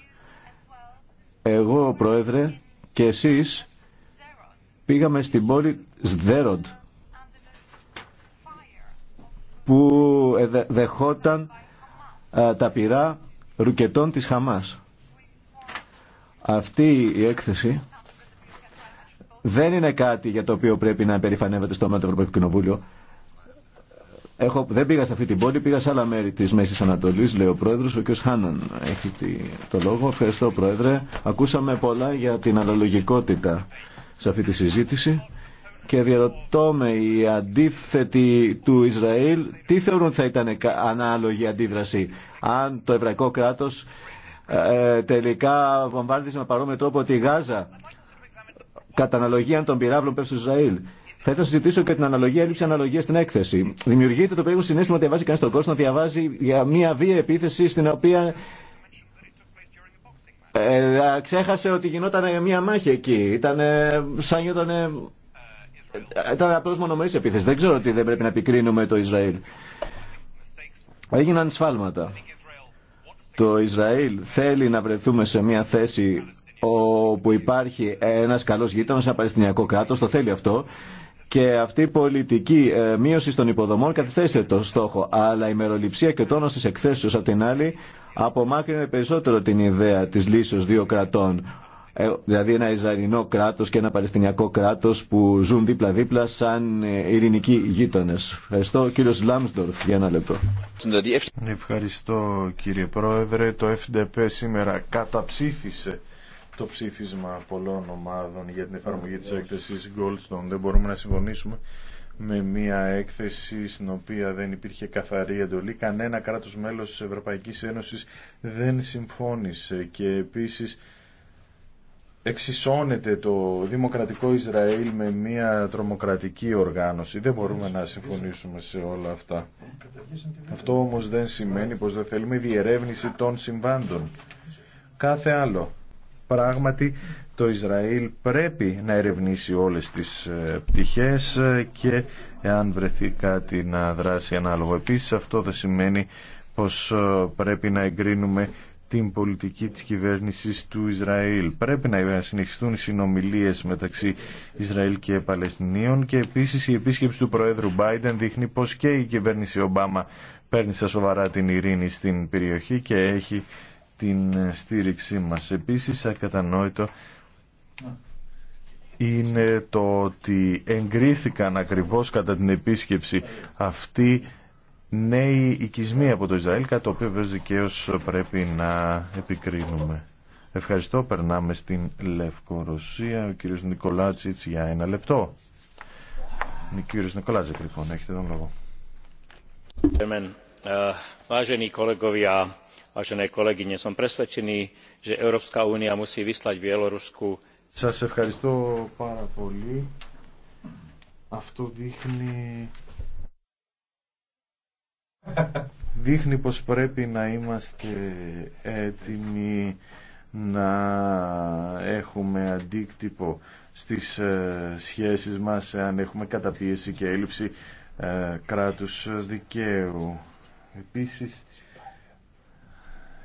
Speaker 7: Εγώ, Πρόεδρε, και εσείς πήγαμε στην πόλη Σδέροντ που δεχόταν ε, τα πυρά ρουκετών της Χαμάς. Αυτή η έκθεση δεν είναι κάτι για το οποίο πρέπει να περηφανεύεται στο μέλλον Ευρωπαϊκό Κοινοβούλιο. Έχω, δεν πήγα σε αυτή την πόλη, πήγα σε άλλα μέρη της Μέσης Ανατολής, λέει ο πρόεδρο. Ο κ. Χάναν έχει το λόγο. Ευχαριστώ, πρόεδρε. Ακούσαμε πολλά για την αναλογικότητα σε αυτή τη συζήτηση και διαρωτώ με οι αντίθετοι του Ισραήλ τι θεωρούν θα ήταν ανάλογη αντίδραση αν το εβραϊκό κράτος ε, τελικά βομβάρδισε με παρόμοιο τρόπο τη Γάζα κατά αναλογία των πυράβλων πέφτει στο Ισραήλ. Θα ήθελα να συζητήσω και την αναλογία, έλλειψη αναλογία στην έκθεση. Δημιουργείται το περίπου συνέστημα ότι διαβάζει κανεί τον κόσμο, να διαβάζει για μια βία επίθεση στην οποία ε, ξέχασε ότι γινόταν μια μάχη εκεί. Ε, ε, ήταν σαν να Ήταν απλώ μονομερή επίθεση. Δεν ξέρω ότι δεν πρέπει να επικρίνουμε το Ισραήλ. Έγιναν σφάλματα. Το Ισραήλ θέλει να βρεθούμε σε μια θέση όπου υπάρχει ένας καλός γείτονας, ένα παλαιστινιακό κράτος, το θέλει αυτό και αυτή η πολιτική ε, μείωση των υποδομών καθυστέρησε το στόχο. Αλλά η μεροληψία και ο τόνο τη εκθέσεω, απ' την άλλη, απομάκρυνε περισσότερο την ιδέα τη λύση δύο κρατών. Ε, δηλαδή ένα Ισραηλινό κράτο και ένα Παλαιστινιακό κράτο που ζουν δίπλα-δίπλα σαν ε, ειρηνικοί γείτονε. Ευχαριστώ, κύριο Λάμσντορφ, για ένα λεπτό.
Speaker 6: Ευχαριστώ, κύριε Πρόεδρε. Το FDP σήμερα καταψήφισε το ψήφισμα πολλών ομάδων για την εφαρμογή της έκθεσης Goldstone. Δεν μπορούμε να συμφωνήσουμε με μια έκθεση στην οποία δεν υπήρχε καθαρή εντολή. Κανένα κράτος μέλος της Ευρωπαϊκής Ένωσης δεν συμφώνησε και επίσης εξισώνεται το Δημοκρατικό Ισραήλ με μια τρομοκρατική οργάνωση. Δεν μπορούμε να συμφωνήσουμε σε όλα αυτά. Αυτό όμως δεν σημαίνει πως δεν θέλουμε διερεύνηση των συμβάντων. Κάθε άλλο. Πράγματι, το Ισραήλ πρέπει να ερευνήσει όλες τις ε, πτυχές ε, και εάν βρεθεί κάτι να δράσει ανάλογο. Επίσης, αυτό δεν σημαίνει πως ε, πρέπει να εγκρίνουμε την πολιτική της κυβέρνησης του Ισραήλ. Πρέπει να συνεχιστούν οι συνομιλίες μεταξύ Ισραήλ και Παλαιστινίων και επίσης η επίσκεψη του Προέδρου Μπάιντεν δείχνει πως και η κυβέρνηση Ομπάμα παίρνει στα σοβαρά την ειρήνη στην περιοχή και έχει την ε, στήριξή μας. Επίσης ακατανόητο είναι το ότι εγκρίθηκαν ακριβώς κατά την επίσκεψη αυτή νέοι οικισμοί από το Ισραήλ, κατά το οποίο βέβαια δικαίως πρέπει να επικρίνουμε. Ευχαριστώ. Περνάμε στην Λευκορωσία. Ο κύριος Νικολάτσιτς για ένα λεπτό. Ο κύριος Νικολάτσιτς λοιπόν, έχετε τον λόγο vážení Σας ευχαριστώ πάρα πολύ. Αυτό δείχνει... δείχνει πως πρέπει να είμαστε έτοιμοι να έχουμε αντίκτυπο στις ε, σχέσεις μας αν έχουμε καταπίεση και έλλειψη ε, κράτους δικαίου. Επίσης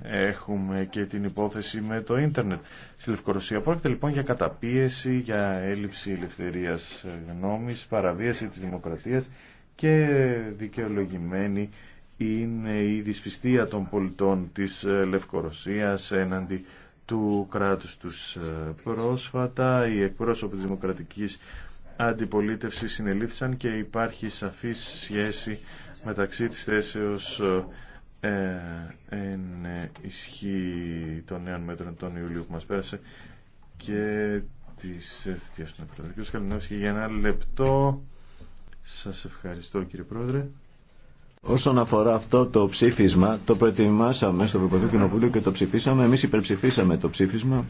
Speaker 6: έχουμε και την υπόθεση με το ίντερνετ στη Λευκορωσία. Πρόκειται λοιπόν για καταπίεση, για έλλειψη ελευθερίας γνώμης, παραβίαση της δημοκρατίας και δικαιολογημένη είναι η δυσπιστία των πολιτών της Λευκορωσίας έναντι του κράτους τους πρόσφατα. Οι εκπρόσωποι της Δημοκρατικής Αντιπολίτευσης συνελήφθησαν και υπάρχει σαφή σχέση μεταξύ της θέσεως ε, εν ισχύ των νέων μέτρων τον Ιούλιο που μας πέρασε και της θητείας του Επιτροπικών. Καληνός και για ένα λεπτό. Σας
Speaker 7: ευχαριστώ
Speaker 2: κύριε Πρόεδρε.
Speaker 7: Όσον αφορά αυτό το ψήφισμα, το προετοιμάσαμε στο Ευρωπαϊκό Κοινοβούλιο και το ψηφίσαμε. Εμείς υπερψηφίσαμε το ψήφισμα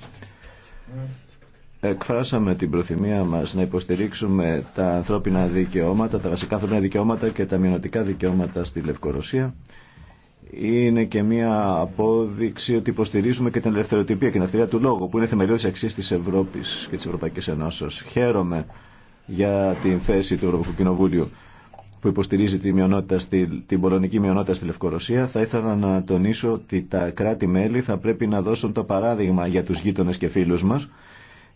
Speaker 7: εκφράσαμε την προθυμία μας να υποστηρίξουμε τα ανθρώπινα δικαιώματα, τα βασικά ανθρώπινα δικαιώματα και τα μειωνοτικά δικαιώματα στη Λευκορωσία είναι και μια απόδειξη ότι υποστηρίζουμε και την ελευθεροτυπία και την ελευθερία του λόγου που είναι θεμελιώδης αξία της Ευρώπης και της Ευρωπαϊκής Ενώσεως. Χαίρομαι για την θέση του Ευρωπαϊκού Κοινοβούλιου που υποστηρίζει τη μειονότητα στη, την πολωνική μειονότητα στη Λευκορωσία, θα ήθελα να τονίσω ότι τα κράτη-μέλη θα πρέπει να δώσουν το παράδειγμα για τους γείτονες και φίλους μας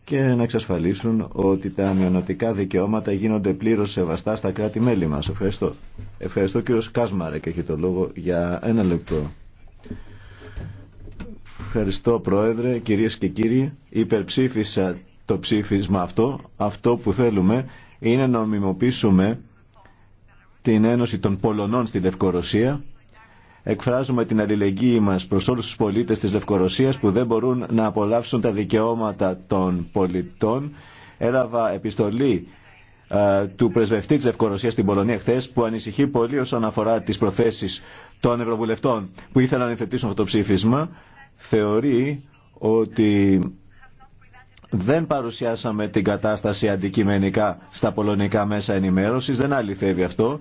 Speaker 7: και να εξασφαλίσουν ότι τα μειονοτικά δικαιώματα γίνονται πλήρω σεβαστά στα κράτη-μέλη μα. Ευχαριστώ. Ευχαριστώ κύριο Κάσμαρε και έχει το λόγο για ένα λεπτό. Ευχαριστώ Πρόεδρε, κυρίες και κύριοι. Υπερψήφισα το ψήφισμα αυτό. Αυτό που θέλουμε είναι να ομιμοποιήσουμε την Ένωση των Πολωνών στη Λευκορωσία Εκφράζουμε την αλληλεγγύη μας προς όλους τους πολίτες της Λευκορωσίας που δεν μπορούν να απολαύσουν τα δικαιώματα των πολιτών. Έλαβα επιστολή ε, του πρεσβευτή της Λευκορωσίας στην Πολωνία χθε που ανησυχεί πολύ όσον αφορά τις προθέσεις των Ευρωβουλευτών που ήθελαν να υθετήσουν αυτό το ψήφισμα. Θεωρεί ότι δεν παρουσιάσαμε την κατάσταση αντικειμενικά στα πολωνικά μέσα ενημέρωσης, δεν αληθεύει αυτό.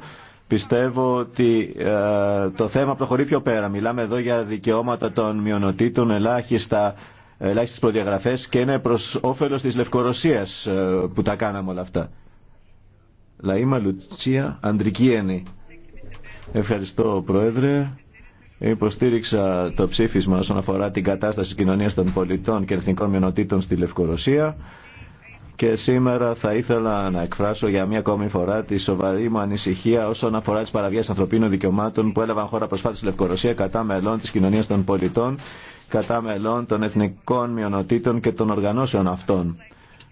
Speaker 7: Πιστεύω ότι ε, το θέμα προχωρεί πιο πέρα. Μιλάμε εδώ για δικαιώματα των μειονοτήτων, ελάχιστα, ελάχιστες προδιαγραφές και είναι προς όφελος της Λευκορωσίας ε, που τα κάναμε όλα αυτά. Λαΐμα Λουτσία Αντρικίενη. Ευχαριστώ Πρόεδρε. Υποστήριξα το ψήφισμα όσον αφορά την κατάσταση κοινωνίας των πολιτών και εθνικών μειονοτήτων στη Λευκορωσία και σήμερα θα ήθελα να εκφράσω για μία ακόμη φορά τη σοβαρή μου ανησυχία όσον αφορά τι παραβιάσει ανθρωπίνων δικαιωμάτων που έλαβαν χώρα προσφάτω στη Λευκορωσία κατά μελών τη κοινωνία των πολιτών, κατά μελών των εθνικών μειονοτήτων και των οργανώσεων αυτών.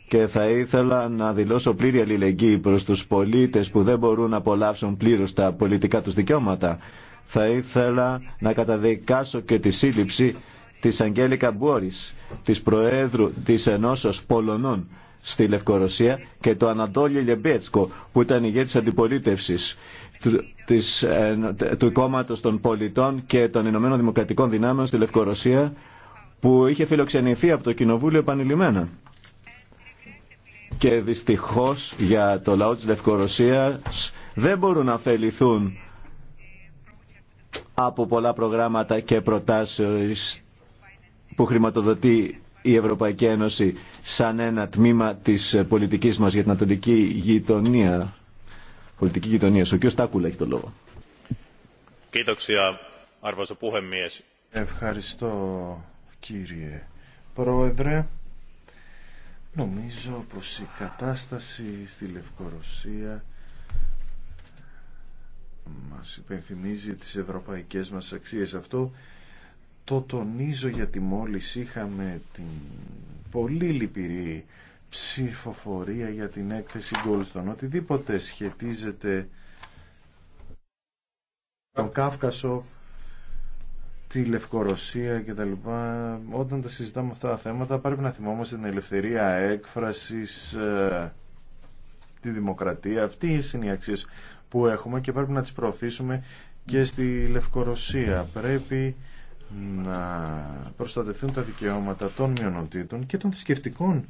Speaker 7: Και θα ήθελα να δηλώσω πλήρη αλληλεγγύη προς τους πολίτες που δεν μπορούν να απολαύσουν πλήρως τα πολιτικά του δικαιώματα. Θα ήθελα να καταδικάσω και τη σύλληψη της Αγγέλικα Μπόρι, της Προέδρου της Ενώσεως Πολωνών στη Λευκορωσία και το Ανατόλιο Λεμπέτσκο που ήταν ηγέτης αντιπολίτευσης του, της, ε, του κόμματος των πολιτών και των Ηνωμένων Δημοκρατικών Δυνάμεων στη Λευκορωσία που είχε φιλοξενηθεί από το Κοινοβούλιο επανειλημμένα. Και δυστυχώς για το λαό της Λευκορωσίας δεν μπορούν να αφεληθούν από πολλά προγράμματα και προτάσεις που χρηματοδοτεί η Ευρωπαϊκή Ένωση σαν ένα τμήμα της πολιτικής μας για την Ανατολική γειτονία. Πολιτική γειτονία. Ο κ. Στάκουλα έχει το λόγο.
Speaker 6: Ευχαριστώ κύριε Πρόεδρε. Νομίζω πως η κατάσταση στη Λευκορωσία μας υπενθυμίζει τις ευρωπαϊκές μας αξίες. Αυτό το τονίζω γιατί μόλις είχαμε την πολύ λυπηρή ψηφοφορία για την έκθεση Goldstone. Οτιδήποτε σχετίζεται τον Κάφκασο, τη Λευκορωσία κτλ. Όταν τα συζητάμε αυτά τα θέματα πρέπει να θυμόμαστε την ελευθερία έκφρασης, ε, τη δημοκρατία. Αυτή είναι οι αξίες που έχουμε και πρέπει να τις προωθήσουμε και στη Λευκορωσία. Πρέπει να προστατευτούν τα δικαιώματα των μειονοτήτων και των θρησκευτικών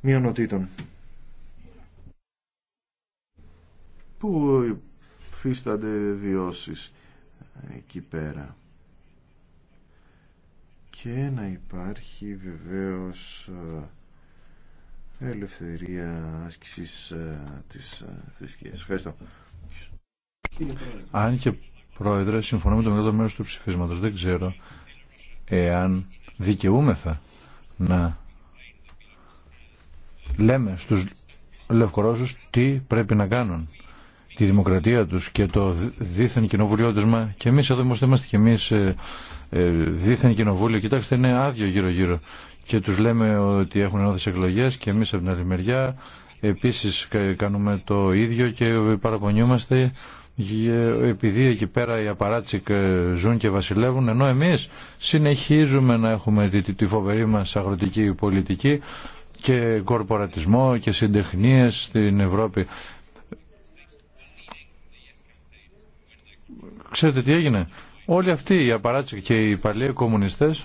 Speaker 6: μειονοτήτων που υφίστανται βιώσεις εκεί πέρα και να υπάρχει βεβαίως ε, ελευθερία άσκησης ε, της ε, θρησκείας. Ευχαριστώ.
Speaker 2: Αν Πρόεδρε, συμφωνώ με το μεγάλο μέρο του ψηφίσματο. Δεν ξέρω εάν δικαιούμεθα να λέμε στους Λευκορώσους τι πρέπει να κάνουν τη δημοκρατία τους και το δίθεν μα και εμείς εδώ είμαστε, είμαστε και εμείς ε, ε, δίθεν κοινοβούλιο κοιτάξτε είναι άδειο γύρω γύρω και τους λέμε ότι έχουν ενώθει εκλογέ και εμείς από την άλλη μεριά επίσης κάνουμε το ίδιο και παραπονιούμαστε επειδή εκεί πέρα οι απαράτσικ ζουν και βασιλεύουν ενώ εμείς συνεχίζουμε να έχουμε τη, τη φοβερή μας αγροτική πολιτική και κορπορατισμό και συντεχνίες στην Ευρώπη. Ξέρετε τι έγινε. Όλοι αυτοί οι απαράτσικ και οι παλιοί κομμουνιστές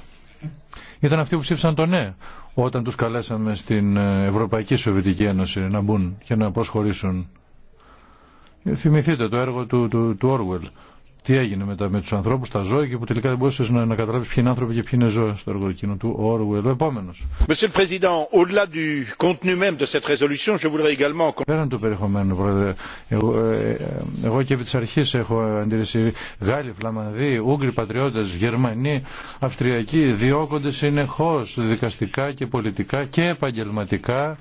Speaker 2: ήταν αυτοί που ψήφισαν το ναι όταν τους καλέσαμε στην ε, Ευρωπαϊκή Σοβιετική Ένωση να μπουν και να προσχωρήσουν Θυμηθείτε το έργο του, του, του Orwell. Τι έγινε μετά με του ανθρώπου, τα ζώα και που τελικά δεν μπορούσε να, να καταλάβει ποιοι είναι άνθρωποι και ποιοι είναι ζώα στο έργο εκείνο του Orwell. Ο επόμενο. Πέραν του περιεχομένου, Πρόεδρε, εγώ, ε, ε, εγώ και επί της αρχή έχω αντίρρηση. Γάλλοι, Φλαμανδοί, Ούγγροι πατριώτε, Γερμανοί, Αυστριακοί διώκονται συνεχώ δικαστικά και πολιτικά και επαγγελματικά.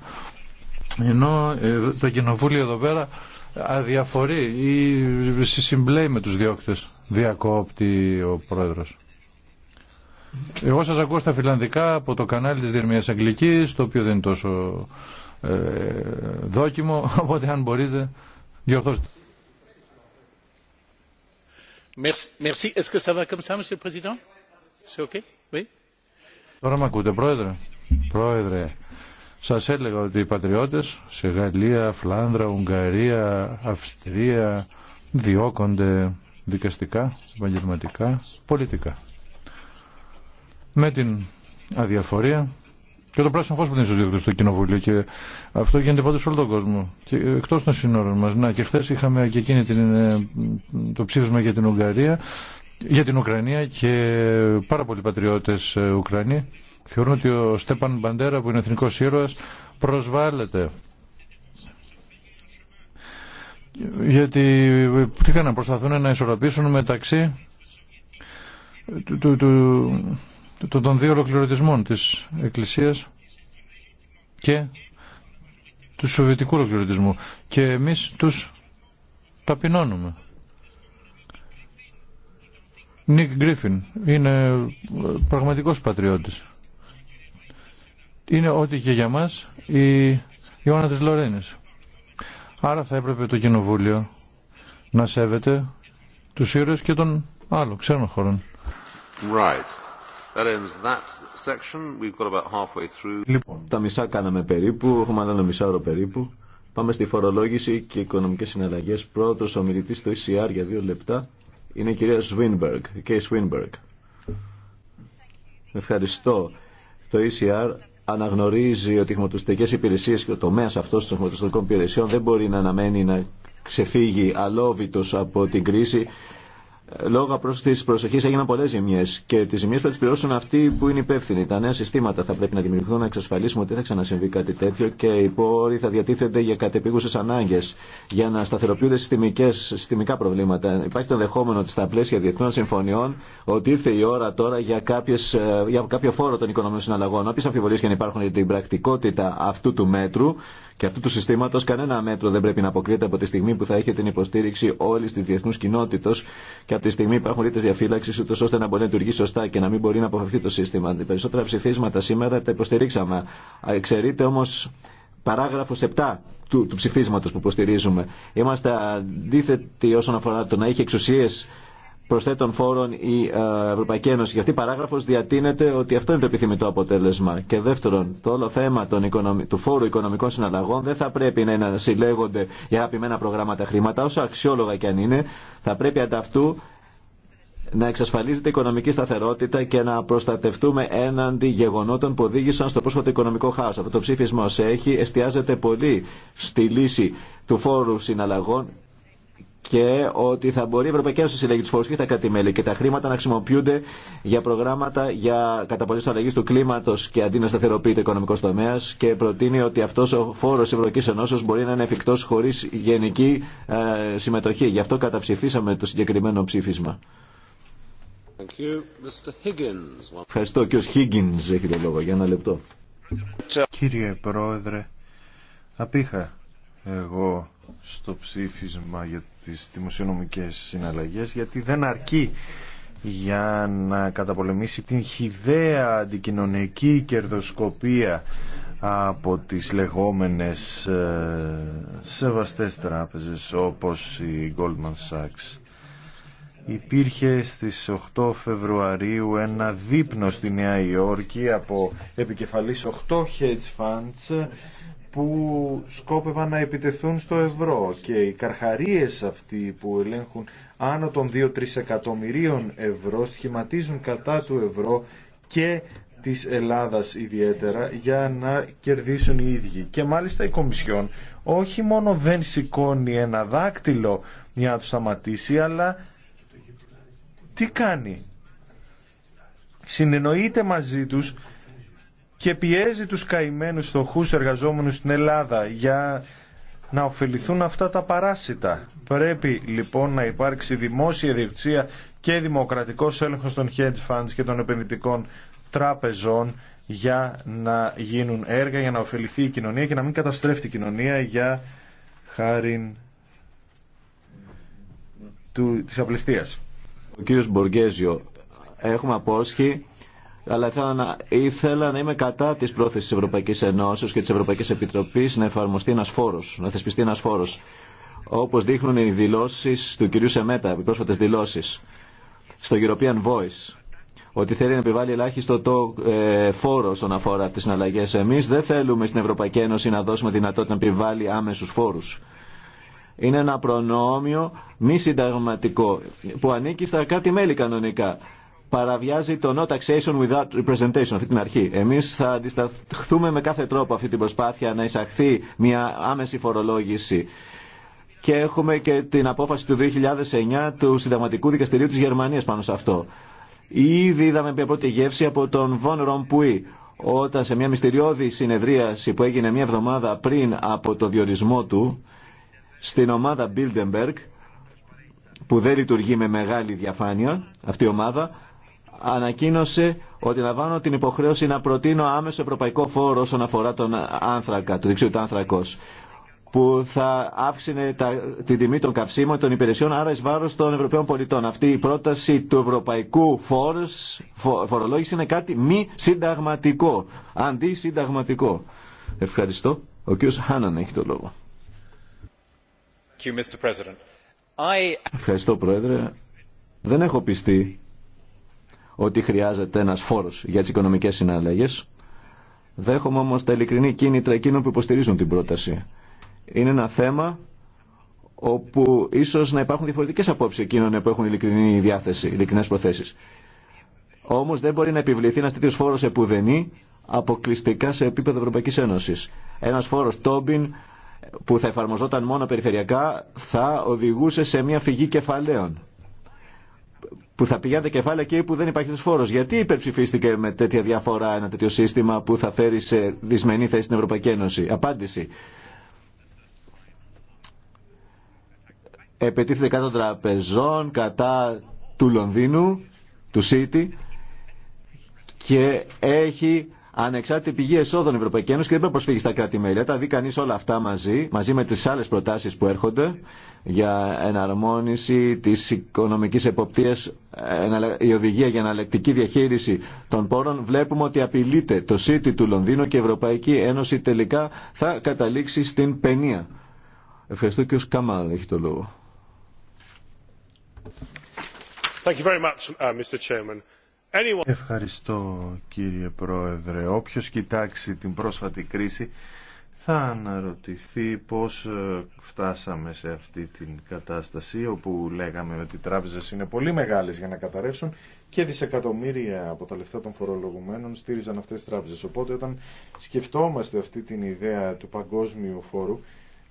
Speaker 2: Ενώ ε, το κοινοβούλιο εδώ πέρα αδιαφορεί ή συμπλέει με τους διώκτες διακόπτη ο πρόεδρος εγώ σας ακούω στα φιλανδικά από το κανάλι της Διερμίας Αγγλικής το οποίο δεν είναι τόσο ε, δόκιμο οπότε αν μπορείτε διορθώστε Merci. Est-ce que ça va comme ça, Monsieur le Τώρα με ακούτε, Πρόεδρε. Πρόεδρε, σας έλεγα ότι οι πατριώτες σε Γαλλία, Φλάνδρα, Ουγγαρία, Αυστρία διώκονται δικαστικά, επαγγελματικά, πολιτικά. Με την αδιαφορία και το πράσινο φως που είναι στο κοινοβούλιο στο και αυτό γίνεται πάντως σε όλο τον κόσμο και εκτός των συνόρων μας. Να και χθες είχαμε και εκείνη την, ε, το ψήφισμα για την Ουγγαρία για την Ουκρανία και πάρα πολλοί πατριώτες ε, Ουκρανοί Θεωρούν ότι ο Στέπαν Μπαντέρα που είναι εθνικός ήρωας προσβάλλεται. Γιατί τι να προσπαθούν να ισορροπήσουν μεταξύ του, του, των δύο ολοκληρωτισμών της Εκκλησίας και του Σοβιετικού ολοκληρωτισμού. Και εμείς τους ταπεινώνουμε. Νίκ Γκρίφιν είναι πραγματικός πατριώτης είναι ό,τι και για μας η Ιωάννα της Λορένης. Άρα θα έπρεπε το Κοινοβούλιο να σέβεται τους ήρωες και των άλλων ξένων χωρών. Right. that section. We've got about halfway through. Λοιπόν, τα μισά κάναμε
Speaker 7: περίπου, έχουμε άλλο ένα μισάωρο περίπου. Πάμε στη φορολόγηση και οικονομικές συναλλαγές. Πρώτος ομιλητής στο ECR για δύο λεπτά είναι η κυρία Σβίνμπεργκ, Ευχαριστώ. Το ECR αναγνωρίζει ότι οι χρηματοστατικέ υπηρεσίε και ο τομέα αυτό των χρηματοστατικών υπηρεσιών δεν μπορεί να αναμένει να ξεφύγει αλόβητο από την κρίση λόγω τη προσοχή έγιναν πολλέ ζημιέ και τι ζημιέ πρέπει να τι πληρώσουν αυτοί που είναι υπεύθυνοι. Τα νέα συστήματα θα πρέπει να δημιουργηθούν να εξασφαλίσουμε ότι θα ξανασυμβεί κάτι τέτοιο και οι πόροι θα διατίθενται για κατεπίγουσε ανάγκε, για να σταθεροποιούνται συστημικά προβλήματα. Υπάρχει το ενδεχόμενο ότι στα πλαίσια διεθνών συμφωνιών ότι ήρθε η ώρα τώρα για, κάποιες, ε, για κάποιο φόρο των οικονομικών συναλλαγών. Όποιε αμφιβολίε και αν υπάρχουν για την πρακτικότητα αυτού του μέτρου, και αυτού του συστήματο κανένα μέτρο δεν πρέπει να αποκρίνεται από τη στιγμή που θα έχει την υποστήριξη όλη τη διεθνού κοινότητα και από τη στιγμή που έχουν ρήτε διαφύλαξη, ούτω ώστε να μπορεί να λειτουργεί σωστά και να μην μπορεί να αποφευθεί το σύστημα. Τα περισσότερα ψηφίσματα σήμερα τα υποστηρίξαμε. Εξαιρείται όμω παράγραφο 7 του, του ψηφίσματο που υποστηρίζουμε. Είμαστε αντίθετοι όσον αφορά το να έχει εξουσίε προσθέτων φόρων η ε, Ευρωπαϊκή Ένωση. Γι' αυτή η παράγραφο διατείνεται ότι αυτό είναι το επιθυμητό αποτέλεσμα. Και δεύτερον, το όλο θέμα των οικονομι... του φόρου οικονομικών συναλλαγών δεν θα πρέπει να συλλέγονται για αγαπημένα προγράμματα χρήματα, όσο αξιόλογα και αν είναι. Θα πρέπει ανταυτού να εξασφαλίζεται η οικονομική σταθερότητα και να προστατευτούμε έναντι γεγονότων που οδήγησαν στο πρόσφατο οικονομικό χάος. Αυτό το ψήφισμα ω έχει εστιάζεται πολύ στη λύση του φόρου συναλλαγών και ότι θα μπορεί η Ευρωπαϊκή Ένωση να συλλέγει του φόρου και τα κράτη-μέλη και τα χρήματα να χρησιμοποιούνται για προγράμματα για καταπολέμηση αλλαγή του κλίματο και αντί να σταθεροποιείται ο οικονομικό τομέα και προτείνει ότι αυτό ο φόρο τη Ευρωπαϊκή Ενώσεω μπορεί να είναι εφικτό χωρί γενική ε, συμμετοχή. Γι' αυτό καταψηφίσαμε το συγκεκριμένο ψήφισμα. Ευχαριστώ. έχει το Για ένα λεπτό. Κύριε
Speaker 6: Πρόεδρε, απήχα
Speaker 7: εγώ στο ψήφισμα για
Speaker 6: τις δημοσιονομικές συναλλαγές γιατί δεν αρκεί για να καταπολεμήσει την χιδαία αντικοινωνική κερδοσκοπία από τις λεγόμενες ε, σεβαστές τράπεζες όπως η Goldman Sachs. Υπήρχε στις 8 Φεβρουαρίου ένα δείπνο στη Νέα Υόρκη από επικεφαλής 8 hedge funds που σκόπευαν να επιτεθούν στο ευρώ και οι καρχαρίες αυτοί που ελέγχουν άνω των 2-3 εκατομμυρίων ευρώ σχηματίζουν κατά του ευρώ και της Ελλάδας ιδιαίτερα για να κερδίσουν οι ίδιοι. Και μάλιστα η Κομισιόν όχι μόνο δεν σηκώνει ένα δάκτυλο για να του σταματήσει, αλλά τι κάνει. Συνεννοείται μαζί τους και πιέζει τους καημένους στοχούς εργαζόμενους στην Ελλάδα για να ωφεληθούν αυτά τα παράσιτα. Πρέπει λοιπόν να υπάρξει δημόσια διευθυνσία και δημοκρατικός έλεγχος των hedge funds και των επενδυτικών τράπεζων για να γίνουν έργα, για να ωφεληθεί η κοινωνία και να μην καταστρέφει η κοινωνία για χάρη
Speaker 7: του, της απληστίας. Ο κύριος Μποργέζιο, έχουμε αλλά ήθελα να, ήθελα να είμαι κατά τη πρόθεση τη Ευρωπαϊκή Ενώσεω και τη Ευρωπαϊκή Επιτροπή να εφαρμοστεί ένα φόρο, να θεσπιστεί ένα φόρο. Όπω δείχνουν οι δηλώσει του κυρίου Σεμέτα, οι πρόσφατε δηλώσει στο European Voice, ότι θέλει να επιβάλλει ελάχιστο το ε, φόρο όσον αφορά αυτέ τι συναλλαγέ. Εμεί δεν θέλουμε στην Ευρωπαϊκή Ένωση να δώσουμε δυνατότητα να επιβάλλει άμεσου φόρου. Είναι ένα προνόμιο μη συνταγματικό που ανήκει στα κάτι μέλη κανονικά παραβιάζει το no taxation without representation, αυτή την αρχή. Εμεί θα αντισταθούμε με κάθε τρόπο αυτή την προσπάθεια να εισαχθεί μια άμεση φορολόγηση. Και έχουμε και την απόφαση του 2009 του Συνταγματικού Δικαστηρίου της Γερμανίας πάνω σε αυτό. Ήδη είδαμε μια πρώτη γεύση από τον Βον Ρομπουί, όταν σε μια μυστηριώδη συνεδρίαση που έγινε μια εβδομάδα πριν από το διορισμό του στην ομάδα Bildenberg που δεν λειτουργεί με μεγάλη διαφάνεια αυτή η ομάδα, ανακοίνωσε ότι λαμβάνω την υποχρέωση να προτείνω άμεσο ευρωπαϊκό φόρο όσον αφορά τον άνθρακα, του δεξιού του άνθρακο, που θα αύξηνε τα, την τιμή των καυσίμων των υπηρεσιών, άρα ει βάρο των Ευρωπαίων πολιτών. Αυτή η πρόταση του ευρωπαϊκού φόρου φορολόγηση είναι κάτι μη συνταγματικό, αντί συνταγματικό. Ευχαριστώ. Ο κ. Χάναν έχει το λόγο. Ευχαριστώ, Πρόεδρε. Δεν έχω πιστεί ότι χρειάζεται ένας φόρος για τις οικονομικές συναλλαγές. Δέχομαι όμως τα ειλικρινή κίνητρα εκείνων που υποστηρίζουν την πρόταση. Είναι ένα θέμα όπου ίσως να υπάρχουν διαφορετικές απόψεις εκείνων που έχουν ειλικρινή διάθεση, ειλικρινές προθέσεις. Όμως δεν μπορεί να επιβληθεί ένας τέτοιος φόρος επουδενή αποκλειστικά σε επίπεδο Ευρωπαϊκής Ένωσης. Ένας φόρος Τόμπιν που θα εφαρμοζόταν μόνο περιφερειακά θα οδηγούσε σε μια φυγή κεφαλαίων που θα πηγαίνετε κεφάλαια εκεί που δεν υπάρχει φόρος. Γιατί υπερψηφίστηκε με τέτοια διαφορά ένα τέτοιο σύστημα που θα φέρει σε δυσμενή θέση στην Ευρωπαϊκή Ένωση. Απάντηση. Επετίθεται κατά των τραπεζών, κατά του Λονδίνου, του Σίτι και έχει ανεξάρτητη πηγή εσόδων Ευρωπαϊκή Ένωση και δεν πρέπει να προσφύγει στα κράτη-μέλη. Τα δει κανεί όλα αυτά μαζί, μαζί με τι άλλε προτάσει που έρχονται για εναρμόνιση τη οικονομική εποπτεία, η οδηγία για αναλεκτική διαχείριση των πόρων, βλέπουμε ότι απειλείται το City του Λονδίνου και η Ευρωπαϊκή Ένωση τελικά θα καταλήξει στην παινία. Ευχαριστώ και ο Σκαμάλ έχει το λόγο.
Speaker 3: Thank you very much, uh,
Speaker 6: Ευχαριστώ κύριε Πρόεδρε. Όποιος κοιτάξει την πρόσφατη κρίση θα αναρωτηθεί πώς ε, φτάσαμε σε αυτή την κατάσταση όπου λέγαμε ότι οι τράπεζες είναι πολύ μεγάλες για να καταρρεύσουν και δισεκατομμύρια από τα λεφτά των φορολογουμένων στήριζαν αυτές τις τράπεζες. Οπότε όταν σκεφτόμαστε αυτή την ιδέα του παγκόσμιου φόρου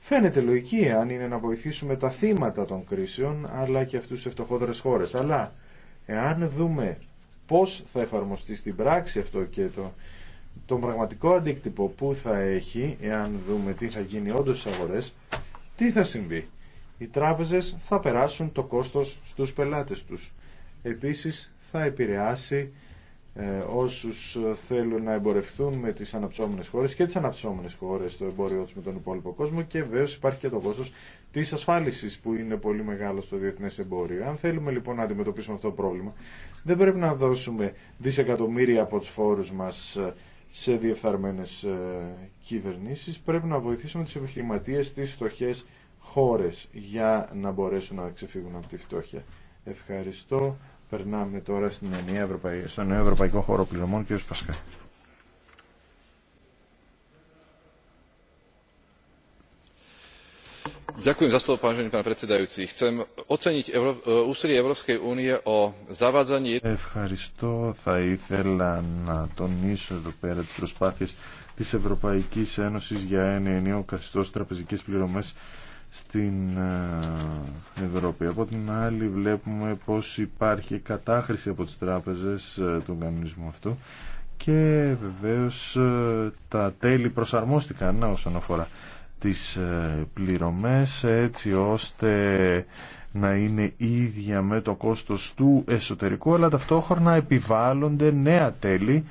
Speaker 6: Φαίνεται λογική αν είναι να βοηθήσουμε τα θύματα των κρίσεων αλλά και αυτούς τους φτωχότερες χώρες. Αλλά εάν δούμε πώς θα εφαρμοστεί στην πράξη αυτό και το, τον πραγματικό αντίκτυπο που θα έχει, εάν δούμε τι θα γίνει όντως στις αγορές, τι θα συμβεί. Οι τράπεζες θα περάσουν το κόστος στους πελάτες τους. Επίσης θα επηρεάσει ε, όσους θέλουν να εμπορευθούν με τις αναψώμενες χώρες και τις αναψώμενες χώρες στο εμπόριό τους με τον υπόλοιπο κόσμο και βέβαια υπάρχει και το κόστος της ασφάλισης που είναι πολύ μεγάλο στο διεθνές εμπόριο. Αν θέλουμε λοιπόν να αντιμετωπίσουμε αυτό το πρόβλημα δεν πρέπει να δώσουμε δισεκατομμύρια από τους φόρους μας σε διεφθαρμένες ε, κυβερνήσεις. Πρέπει να βοηθήσουμε τις επιχειρηματίες στις φτωχές χώρες για να μπορέσουν να ξεφύγουν από τη φτώχεια. Ευχαριστώ. Περνάμε τώρα στην ενιαία Ευρωπαϊ... στον νέο Ευρωπαϊκό Χώρο Πληρωμών, κ. Πασκά.
Speaker 2: Ďakujem za slovo, pán vážený pán predsedajúci. Chcem oceniť eh, úsilie Európskej únie o zavádzanie...
Speaker 6: Ευχαριστώ. Θα ήθελα να τονίσω εδώ πέρα τις προσπάθειες της Ευρωπαϊκής Ένωσης για ένα ενίο καθιστός τραπεζικής πληρωμές στην ε, Ευρώπη. Από την άλλη βλέπουμε πως υπάρχει κατάχρηση από τις τράπεζες ε, του κανονισμού αυτού και βεβαίως ε, τα τέλη προσαρμόστηκαν όσον αφορά τις πληρωμές έτσι ώστε να είναι ίδια με το κόστος του εσωτερικού αλλά ταυτόχρονα επιβάλλονται νέα τέλη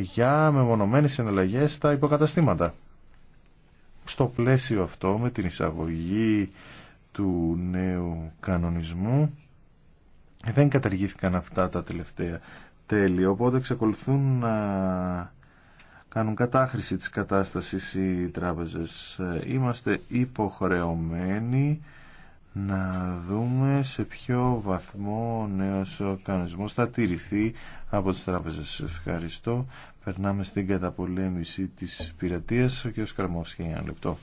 Speaker 6: για μεμονωμένες εναλλαγές στα υποκαταστήματα. Στο πλαίσιο αυτό με την εισαγωγή του νέου κανονισμού δεν καταργήθηκαν αυτά τα τελευταία τέλη, οπότε εξακολουθούν να κάνουν κατάχρηση της κατάστασης οι τράπεζες. Είμαστε υποχρεωμένοι να δούμε σε ποιο βαθμό ο νέος κανονισμός θα τηρηθεί από τις τράπεζες. Ευχαριστώ. Περνάμε στην καταπολέμηση της πειρατείας. Ο κ. Κραμός για ένα λεπτό.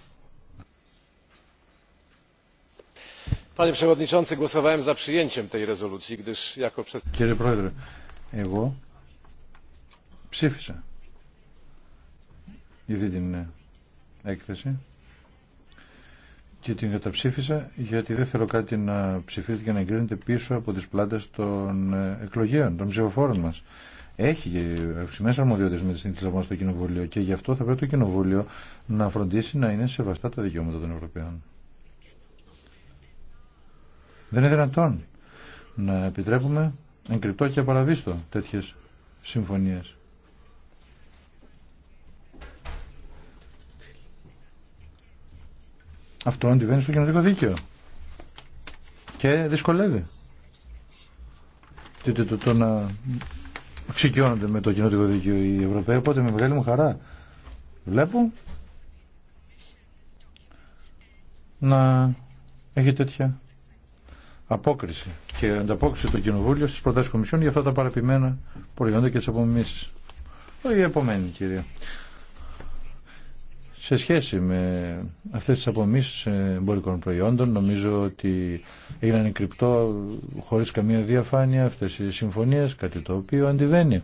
Speaker 2: Κύριε Πρόεδρε, εγώ ψήφισα για την έκθεση και την καταψήφισα γιατί δεν θέλω κάτι να ψηφίζεται και να εγκρίνεται πίσω από τις πλάτες των ε, εκλογέων, των ψηφοφόρων μας. Έχει αυξημένε αρμοδιότητε με τη συνήθεια στο Κοινοβούλιο και γι' αυτό θα πρέπει το Κοινοβούλιο να φροντίσει να είναι σεβαστά τα δικαιώματα των Ευρωπαίων. Δεν είναι δυνατόν να επιτρέπουμε εγκρυπτό και απαραβίστο τέτοιε συμφωνίες. Αυτό αντιβαίνει στο κοινωτικό δίκαιο. Και δυσκολεύει. Τι, το, το, να ξεκιώνονται με το κοινωτικό δίκαιο οι Ευρωπαίοι. Οπότε με μεγάλη μου χαρά βλέπω να έχει τέτοια απόκριση και ανταπόκριση το Κοινοβούλιο στις προτάσεις κομισιών για αυτά τα παραπημένα προϊόντα και τις απομιμήσεις. Η επομένη κυρία. Σε σχέση με αυτές τις απομίσεις εμπορικών προϊόντων, νομίζω ότι έγιναν κρυπτό χωρίς καμία διαφάνεια αυτές οι συμφωνίες, κάτι το οποίο αντιβαίνει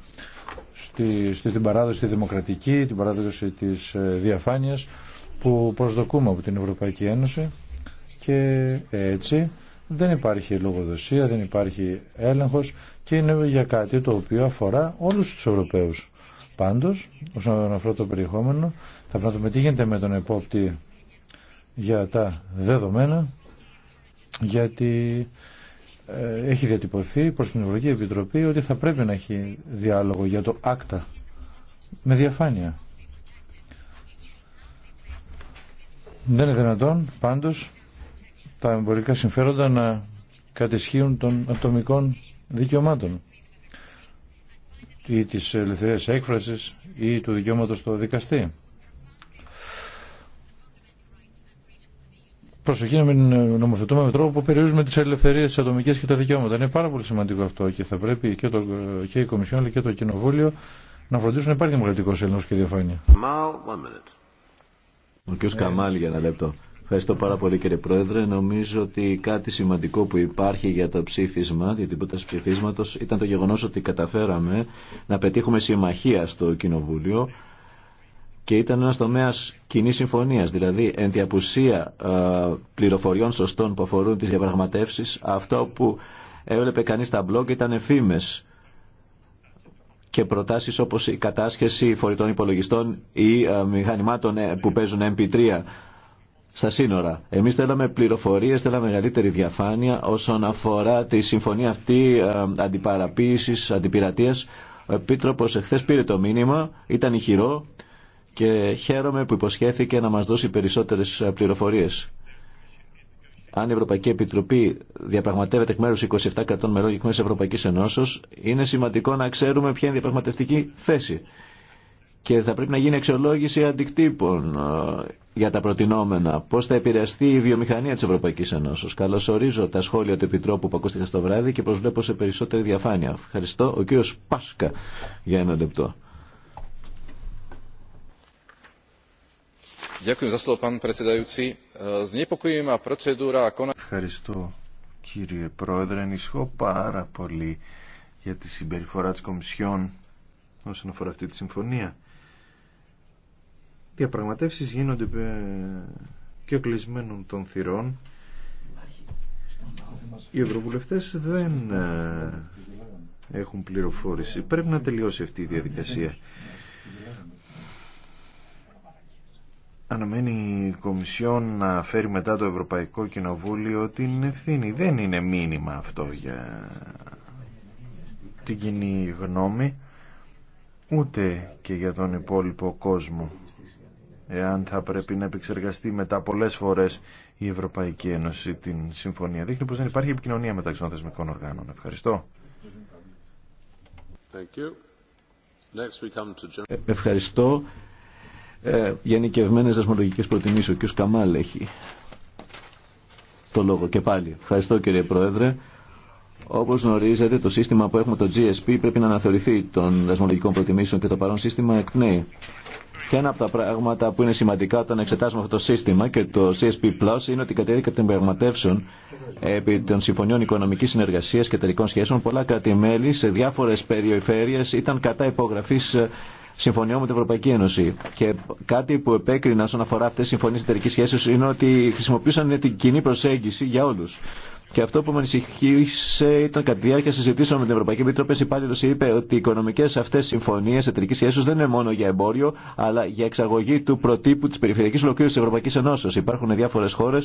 Speaker 2: στη, στην παράδοση τη δημοκρατική, την παράδοση της ε, διαφάνειας που προσδοκούμε από την Ευρωπαϊκή Ένωση και έτσι δεν υπάρχει λογοδοσία, δεν υπάρχει έλεγχος και είναι για κάτι το οποίο αφορά όλους τους Ευρωπαίους. Πάντως, όσον αφορά το περιεχόμενο, θα πρέπει να δούμε τι γίνεται με τον επόπτη για τα δεδομένα, γιατί ε, έχει διατυπωθεί προς την Ευρωπαϊκή Επιτροπή ότι θα πρέπει να έχει διάλογο για το άκτα με διαφάνεια. Δεν είναι δυνατόν πάντως τα εμπορικά συμφέροντα να κατησχύουν των ατομικών δικαιωμάτων ή της ελευθερίας έκφρασης ή του δικαιώματος στο δικαστή. Προσοχή να μην νομοθετούμε με τρόπο που περιορίζουμε τις ελευθερίες, τι ατομικέ και τα δικαιώματα. Είναι πάρα πολύ σημαντικό αυτό και θα πρέπει και, το, και η Κομισιόν αλλά και το Κοινοβούλιο να φροντίσουν να υπάρχει δημοκρατικό έλεγχο και διαφάνεια.
Speaker 7: Ο κ. για ένα λεπτό. Ευχαριστώ πάρα πολύ κύριε Πρόεδρε. Νομίζω ότι κάτι σημαντικό που υπάρχει για το ψήφισμα, για την πρόταση ψηφίσματο ήταν το γεγονό ότι καταφέραμε να πετύχουμε συμμαχία στο Κοινοβούλιο και ήταν ένα τομέας κοινή συμφωνία, δηλαδή εν πληροφοριών σωστών που αφορούν τι διαπραγματεύσει. αυτό που έβλεπε κανεί στα μπλοκ ήταν εφήμε και προτάσει όπω η κατάσχεση φορητών υπολογιστών ή μηχανημάτων ε, που παίζουν MP3 στα σύνορα. Εμεί θέλαμε πληροφορίε, θέλαμε μεγαλύτερη διαφάνεια όσον αφορά τη συμφωνία αυτή ε, αντιπαραποίηση, αντιπειρατεία. Ο επίτροπο εχθέ πήρε το μήνυμα, ήταν ηχηρό και χαίρομαι που υποσχέθηκε να μα δώσει περισσότερε πληροφορίε. Αν η Ευρωπαϊκή Επιτροπή διαπραγματεύεται εκ μέρου 27 κρατών μελών και εκ μέρου Ευρωπαϊκή Ενώσεω, είναι σημαντικό να ξέρουμε ποια είναι η διαπραγματευτική θέση και θα πρέπει να γίνει αξιολόγηση αντικτύπων ε, για τα προτινόμενα. Πώ θα επηρεαστεί η βιομηχανία τη Ευρωπαϊκή Ενώσεω. Καλωσορίζω τα σχόλια του Επιτρόπου που ακούστηκαν στο βράδυ και προσβλέπω σε περισσότερη διαφάνεια. Ευχαριστώ. Ο κύριο Πάσκα για ένα λεπτό.
Speaker 2: E,
Speaker 6: Ευχαριστώ κύριε Πρόεδρε. Ενισχώ πάρα πολύ για τη συμπεριφορά της Κομισιόν όσον αφορά αυτή τη συμφωνία διαπραγματεύσεις γίνονται ε, και κλεισμένων των θυρών. Οι ευρωβουλευτές δεν ε, έχουν πληροφόρηση. Πρέπει να τελειώσει αυτή η διαδικασία. Αναμένει η Κομισιόν να φέρει μετά το Ευρωπαϊκό Κοινοβούλιο την ευθύνη. Δεν είναι μήνυμα αυτό για την κοινή γνώμη, ούτε και για τον υπόλοιπο κόσμο εάν θα πρέπει να επεξεργαστεί μετά πολλέ φορέ η Ευρωπαϊκή Ένωση την συμφωνία. Δείχνει πώ δεν υπάρχει επικοινωνία μεταξύ των θεσμικών οργάνων. Ευχαριστώ.
Speaker 4: Thank you.
Speaker 2: Next we come to... Ε,
Speaker 7: ευχαριστώ. Ε, Γενικευμένε Ο κ. Καμάλ έχει το λόγο και πάλι. Ευχαριστώ κύριε Πρόεδρε. Όπως γνωρίζετε, το σύστημα που έχουμε το GSP πρέπει να αναθεωρηθεί των δασμολογικών προτιμήσεων και το παρόν σύστημα εκπνέει. Και ένα από τα πράγματα που είναι σημαντικά όταν εξετάζουμε αυτό το σύστημα και το CSP Plus είναι ότι κατά τη των πραγματεύσεων επί των συμφωνιών οικονομική συνεργασία και εταιρικών σχέσεων, πολλά κράτη-μέλη σε διάφορε περιφέρειε ήταν κατά υπογραφή συμφωνιών με την Ευρωπαϊκή Ένωση. Και κάτι που επέκρινα όσον αφορά αυτέ τι συμφωνίε εταιρική είναι ότι χρησιμοποιούσαν την κοινή προσέγγιση για όλου. Και αυτό που με ανησυχήσε ήταν κατά τη διάρκεια συζητήσεων με την Ευρωπαϊκή Επιτροπή. Υπάλληλο είπε ότι οι οικονομικέ αυτέ συμφωνίε εταιρική σχέση δεν είναι μόνο για εμπόριο, αλλά για εξαγωγή του προτύπου τη περιφερειακή ολοκλήρωση τη Ευρωπαϊκή Ενώσεω. Υπάρχουν διάφορε χώρε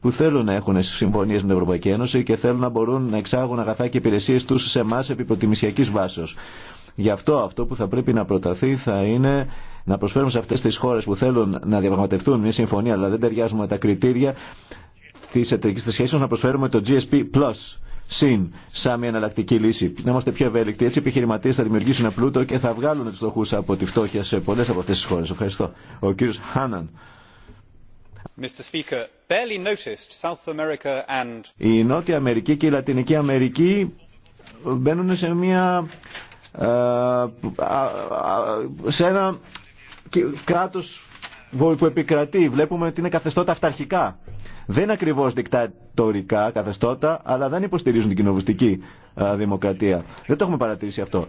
Speaker 7: που θέλουν να έχουν συμφωνίε με την Ευρωπαϊκή Ένωση και θέλουν να μπορούν να εξάγουν αγαθά και υπηρεσίε του σε εμά επί προτιμησιακή βάσεω. Γι' αυτό αυτό που θα πρέπει να προταθεί θα είναι να προσφέρουμε σε αυτέ τι χώρε που θέλουν να διαπραγματευτούν μια συμφωνία αλλά δεν ταιριάζουν τα κριτήρια τη εταιρική τη σχέση να προσφέρουμε το GSP Plus συν σαν μια εναλλακτική λύση. Να είμαστε πιο ευέλικτοι. Έτσι οι επιχειρηματίε θα δημιουργήσουν πλούτο και θα βγάλουν του στοχού από τη φτώχεια σε πολλέ από αυτέ τι χώρε. Ευχαριστώ. Ο κύριο Χάναν. And... Η Νότια Αμερική και η Λατινική Αμερική μπαίνουν σε μια ε, σε ένα κράτος που επικρατεί. Βλέπουμε ότι είναι καθεστώτα αυταρχικά. Δεν είναι ακριβώ δικτατορικά καθεστώτα, αλλά δεν υποστηρίζουν την κοινοβουστική δημοκρατία. Δεν το έχουμε παρατηρήσει αυτό.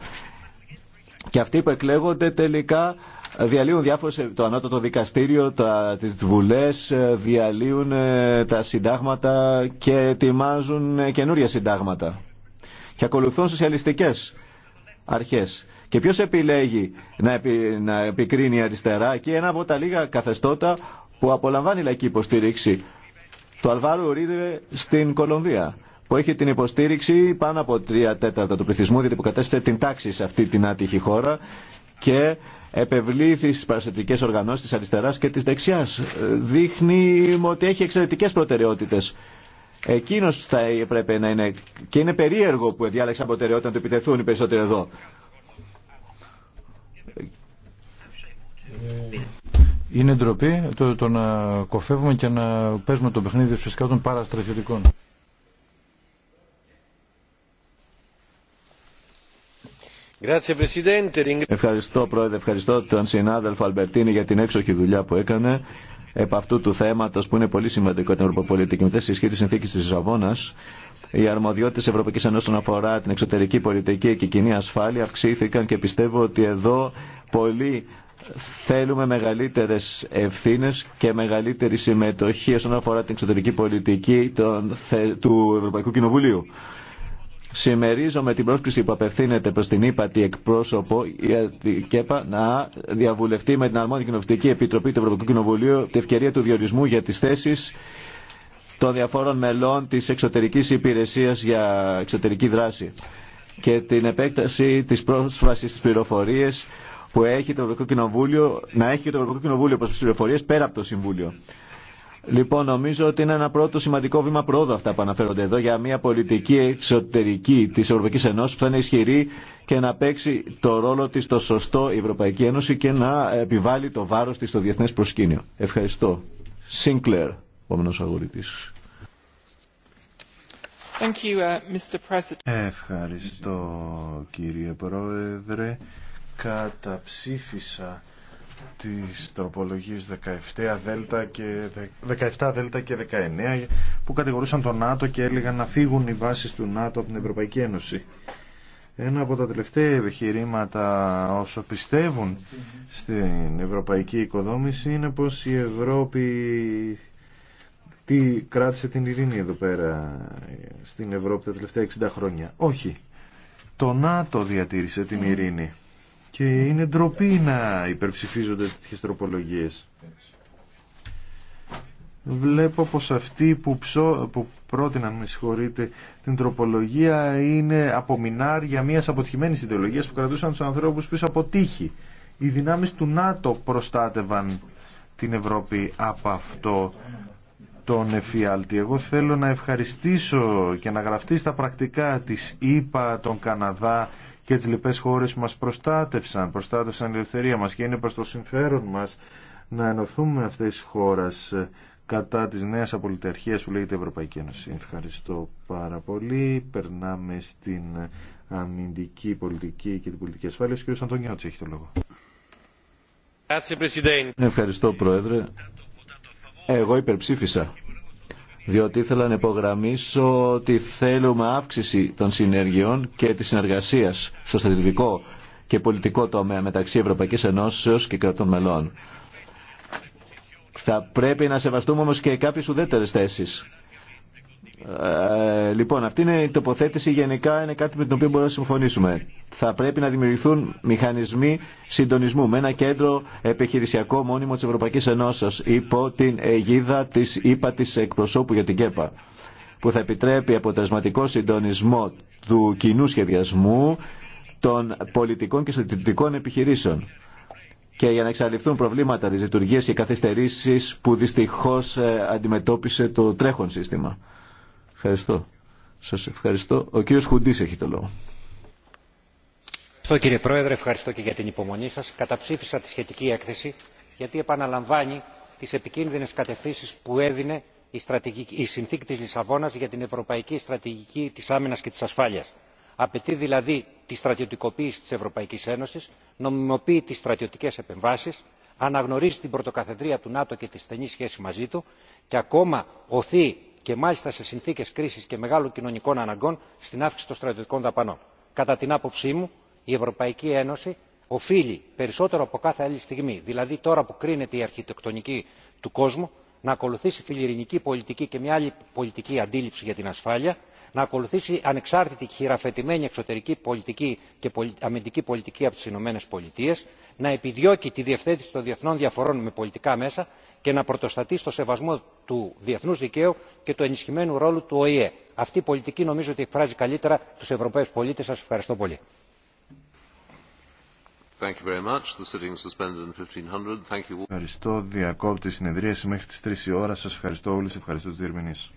Speaker 7: Και αυτοί που εκλέγονται τελικά διαλύουν διάφορες, ε, το ανώτατο δικαστήριο, τα, τις βουλές, ε, διαλύουν ε, τα συντάγματα και ετοιμάζουν καινούρια συντάγματα. Και ακολουθούν σοσιαλιστικές αρχές. Και ποιο επιλέγει να, επι, να επικρίνει αριστερά και ένα από τα λίγα καθεστώτα που απολαμβάνει λαϊκή υποστήριξη του Αλβάρου Ρίρε στην Κολομβία που έχει την υποστήριξη πάνω από τρία τέταρτα του πληθυσμού διότι κατέστησε την τάξη σε αυτή την άτυχη χώρα και επευλήθη στις παραστατικές οργανώσεις της αριστεράς και της δεξιάς. Δείχνει ότι έχει εξαιρετικές προτεραιότητες. Εκείνος θα έπρεπε να είναι και είναι περίεργο που διάλεξαν προτεραιότητα να του επιτεθούν οι περισσότεροι εδώ.
Speaker 2: Είναι ντροπή το, το να κοφεύουμε και να παίζουμε το παιχνίδι φυσικά των παραστρατιωτικών.
Speaker 7: Ευχαριστώ πρόεδρε, ευχαριστώ τον συνάδελφο Αλμπερτίνη για την έξοχη δουλειά που έκανε επ' αυτού του θέματος που είναι πολύ σημαντικό την Ευρωπαϊκή Μετά στη ισχύ της συνθήκης της Λισαβόνα. οι αρμοδιότητε τη Ευρωπαϊκή Ένωση όσον αφορά την εξωτερική πολιτική και κοινή ασφάλεια αυξήθηκαν και πιστεύω ότι εδώ πολλοί θέλουμε μεγαλύτερες ευθύνες και μεγαλύτερη συμμετοχή όσον αφορά την εξωτερική πολιτική του Ευρωπαϊκού Κοινοβουλίου. Συμμερίζομαι την πρόσκληση που απευθύνεται προς την ύπατη εκπρόσωπο για την ΚΕΠΑ να διαβουλευτεί με την Αρμόδια Κοινοβουλευτική Επιτροπή του Ευρωπαϊκού Κοινοβουλίου την ευκαιρία του διορισμού για τις θέσεις των διαφόρων μελών της εξωτερικής υπηρεσίας για εξωτερική δράση και την επέκταση της πρόσβασης στις πληροφορίες που έχει το Ευρωπαϊκό Κοινοβούλιο, να έχει το Ευρωπαϊκό Κοινοβούλιο προς τις πληροφορίες πέρα από το Συμβούλιο. Λοιπόν, νομίζω ότι είναι ένα πρώτο σημαντικό βήμα πρόοδο αυτά που αναφέρονται εδώ για μια πολιτική εξωτερική τη Ευρωπαϊκή Ενώση που θα είναι ισχυρή και να παίξει το ρόλο τη στο σωστό η Ευρωπαϊκή Ένωση και να επιβάλλει το βάρο τη στο διεθνέ προσκήνιο. Ευχαριστώ. Σίνκλερ, επόμενο αγορητή.
Speaker 6: Ευχαριστώ κύριε Πρόεδρε καταψήφισα τις τροπολογίες 17 Δέλτα και 17 Δέλτα και 19 που κατηγορούσαν τον ΝΑΤΟ και έλεγαν να φύγουν οι βάσεις του ΝΑΤΟ από την Ευρωπαϊκή Ένωση. Ένα από τα τελευταία επιχειρήματα όσο πιστεύουν στην ευρωπαϊκή οικοδόμηση είναι πως η Ευρώπη τι κράτησε την ειρήνη εδώ πέρα στην Ευρώπη τα τελευταία 60 χρόνια. Όχι. Το ΝΑΤΟ διατήρησε την ειρήνη. Και είναι ντροπή να υπερψηφίζονται τέτοιες τροπολογίες. Βλέπω πως αυτοί που, ψώ, που πρότειναν, με την τροπολογία είναι απομεινάρια μιας αποτυχημένης ιδεολογία που κρατούσαν τους ανθρώπους πίσω από τύχη. Οι δυνάμεις του ΝΑΤΟ προστάτευαν την Ευρώπη από αυτό τον εφιάλτη. Εγώ θέλω να ευχαριστήσω και να γραφτεί στα πρακτικά της ΕΠΑ, τον Καναδά, και τις λοιπές χώρες μας προστάτευσαν, προστάτευσαν η ελευθερία μας και είναι προς το συμφέρον μας να ενωθούμε αυτές τις χώρες κατά της νέας απολυταρχίας που λέγεται Ευρωπαϊκή Ένωση. Ευχαριστώ πάρα πολύ. Περνάμε στην αμυντική πολιτική και την πολιτική ασφάλεια. Ο κ. Αντωνιώτης έχει το λόγο.
Speaker 2: Ευχαριστώ Πρόεδρε.
Speaker 7: Εγώ υπερψήφισα διότι ήθελα να υπογραμμίσω ότι θέλουμε αύξηση των συνεργειών και της συνεργασίας στο στρατιωτικό και πολιτικό τομέα μεταξύ Ευρωπαϊκής Ενώσεως και κρατών μελών. Θα πρέπει να σεβαστούμε όμως και κάποιες ουδέτερες θέσεις. Ε, λοιπόν, αυτή είναι η τοποθέτηση. Γενικά είναι κάτι με το οποίο μπορούμε να συμφωνήσουμε. Θα πρέπει να δημιουργηθούν μηχανισμοί συντονισμού με ένα κέντρο επιχειρησιακό μόνιμο τη Ευρωπαϊκή Ενώσεω υπό την αιγίδα τη ΥΠΑ τη εκπροσώπου για την ΚΕΠΑ που θα επιτρέπει αποτελεσματικό συντονισμό του κοινού σχεδιασμού των πολιτικών και στρατιωτικών επιχειρήσεων και για να εξαλειφθούν προβλήματα της λειτουργίας και καθυστερήσεις που δυστυχώς ε, αντιμετώπισε το τρέχον σύστημα. Ευχαριστώ. Σας ευχαριστώ. Ο κύριος Χουντής έχει το λόγο.
Speaker 4: Ευχαριστώ κύριε Πρόεδρε, ευχαριστώ και για την υπομονή σας. Καταψήφισα τη σχετική έκθεση γιατί επαναλαμβάνει τις επικίνδυνες κατευθύνσεις που έδινε η, η συνθήκη της Λισαβόνας για την ευρωπαϊκή στρατηγική της άμυνας και της ασφάλειας. Απαιτεί δηλαδή τη στρατιωτικοποίηση της Ευρωπαϊκής Ένωσης, νομιμοποιεί τις στρατιωτικές επεμβάσεις, αναγνωρίζει την πρωτοκαθεδρία του ΝΑΤΟ και τη στενή σχέση μαζί του και ακόμα οθεί και μάλιστα σε συνθήκε κρίση και μεγάλων κοινωνικών αναγκών στην αύξηση των στρατιωτικών δαπανών. κατά την άποψή μου η ευρωπαϊκή ένωση οφείλει περισσότερο από κάθε άλλη στιγμή δηλαδή τώρα που κρίνεται η αρχιτεκτονική του κόσμου να ακολουθήσει φιλιρινική πολιτική και μια άλλη πολιτική αντίληψη για την ασφάλεια να ακολουθήσει ανεξάρτητη και χειραφετημένη εξωτερική πολιτική και αμυντική πολιτική από τι ηνωμένε πολιτείε να επιδιώκει τη διευθέτηση των διεθνών διαφορών με πολιτικά μέσα και να πρωτοστατεί στο σεβασμό του διεθνού δικαίου και του ενισχυμένου ρόλου του οηε. αυτή η πολιτική νομίζω ότι εκφράζει καλύτερα του ευρωπαίου πολίτε. σα ευχαριστώ πολύ.
Speaker 2: Ευχαριστώ.
Speaker 6: Διακόπτη συνεδρίαση μέχρι τις 3 η ώρα. Σας ευχαριστώ όλους. Ευχαριστώ τους διερμηνείς.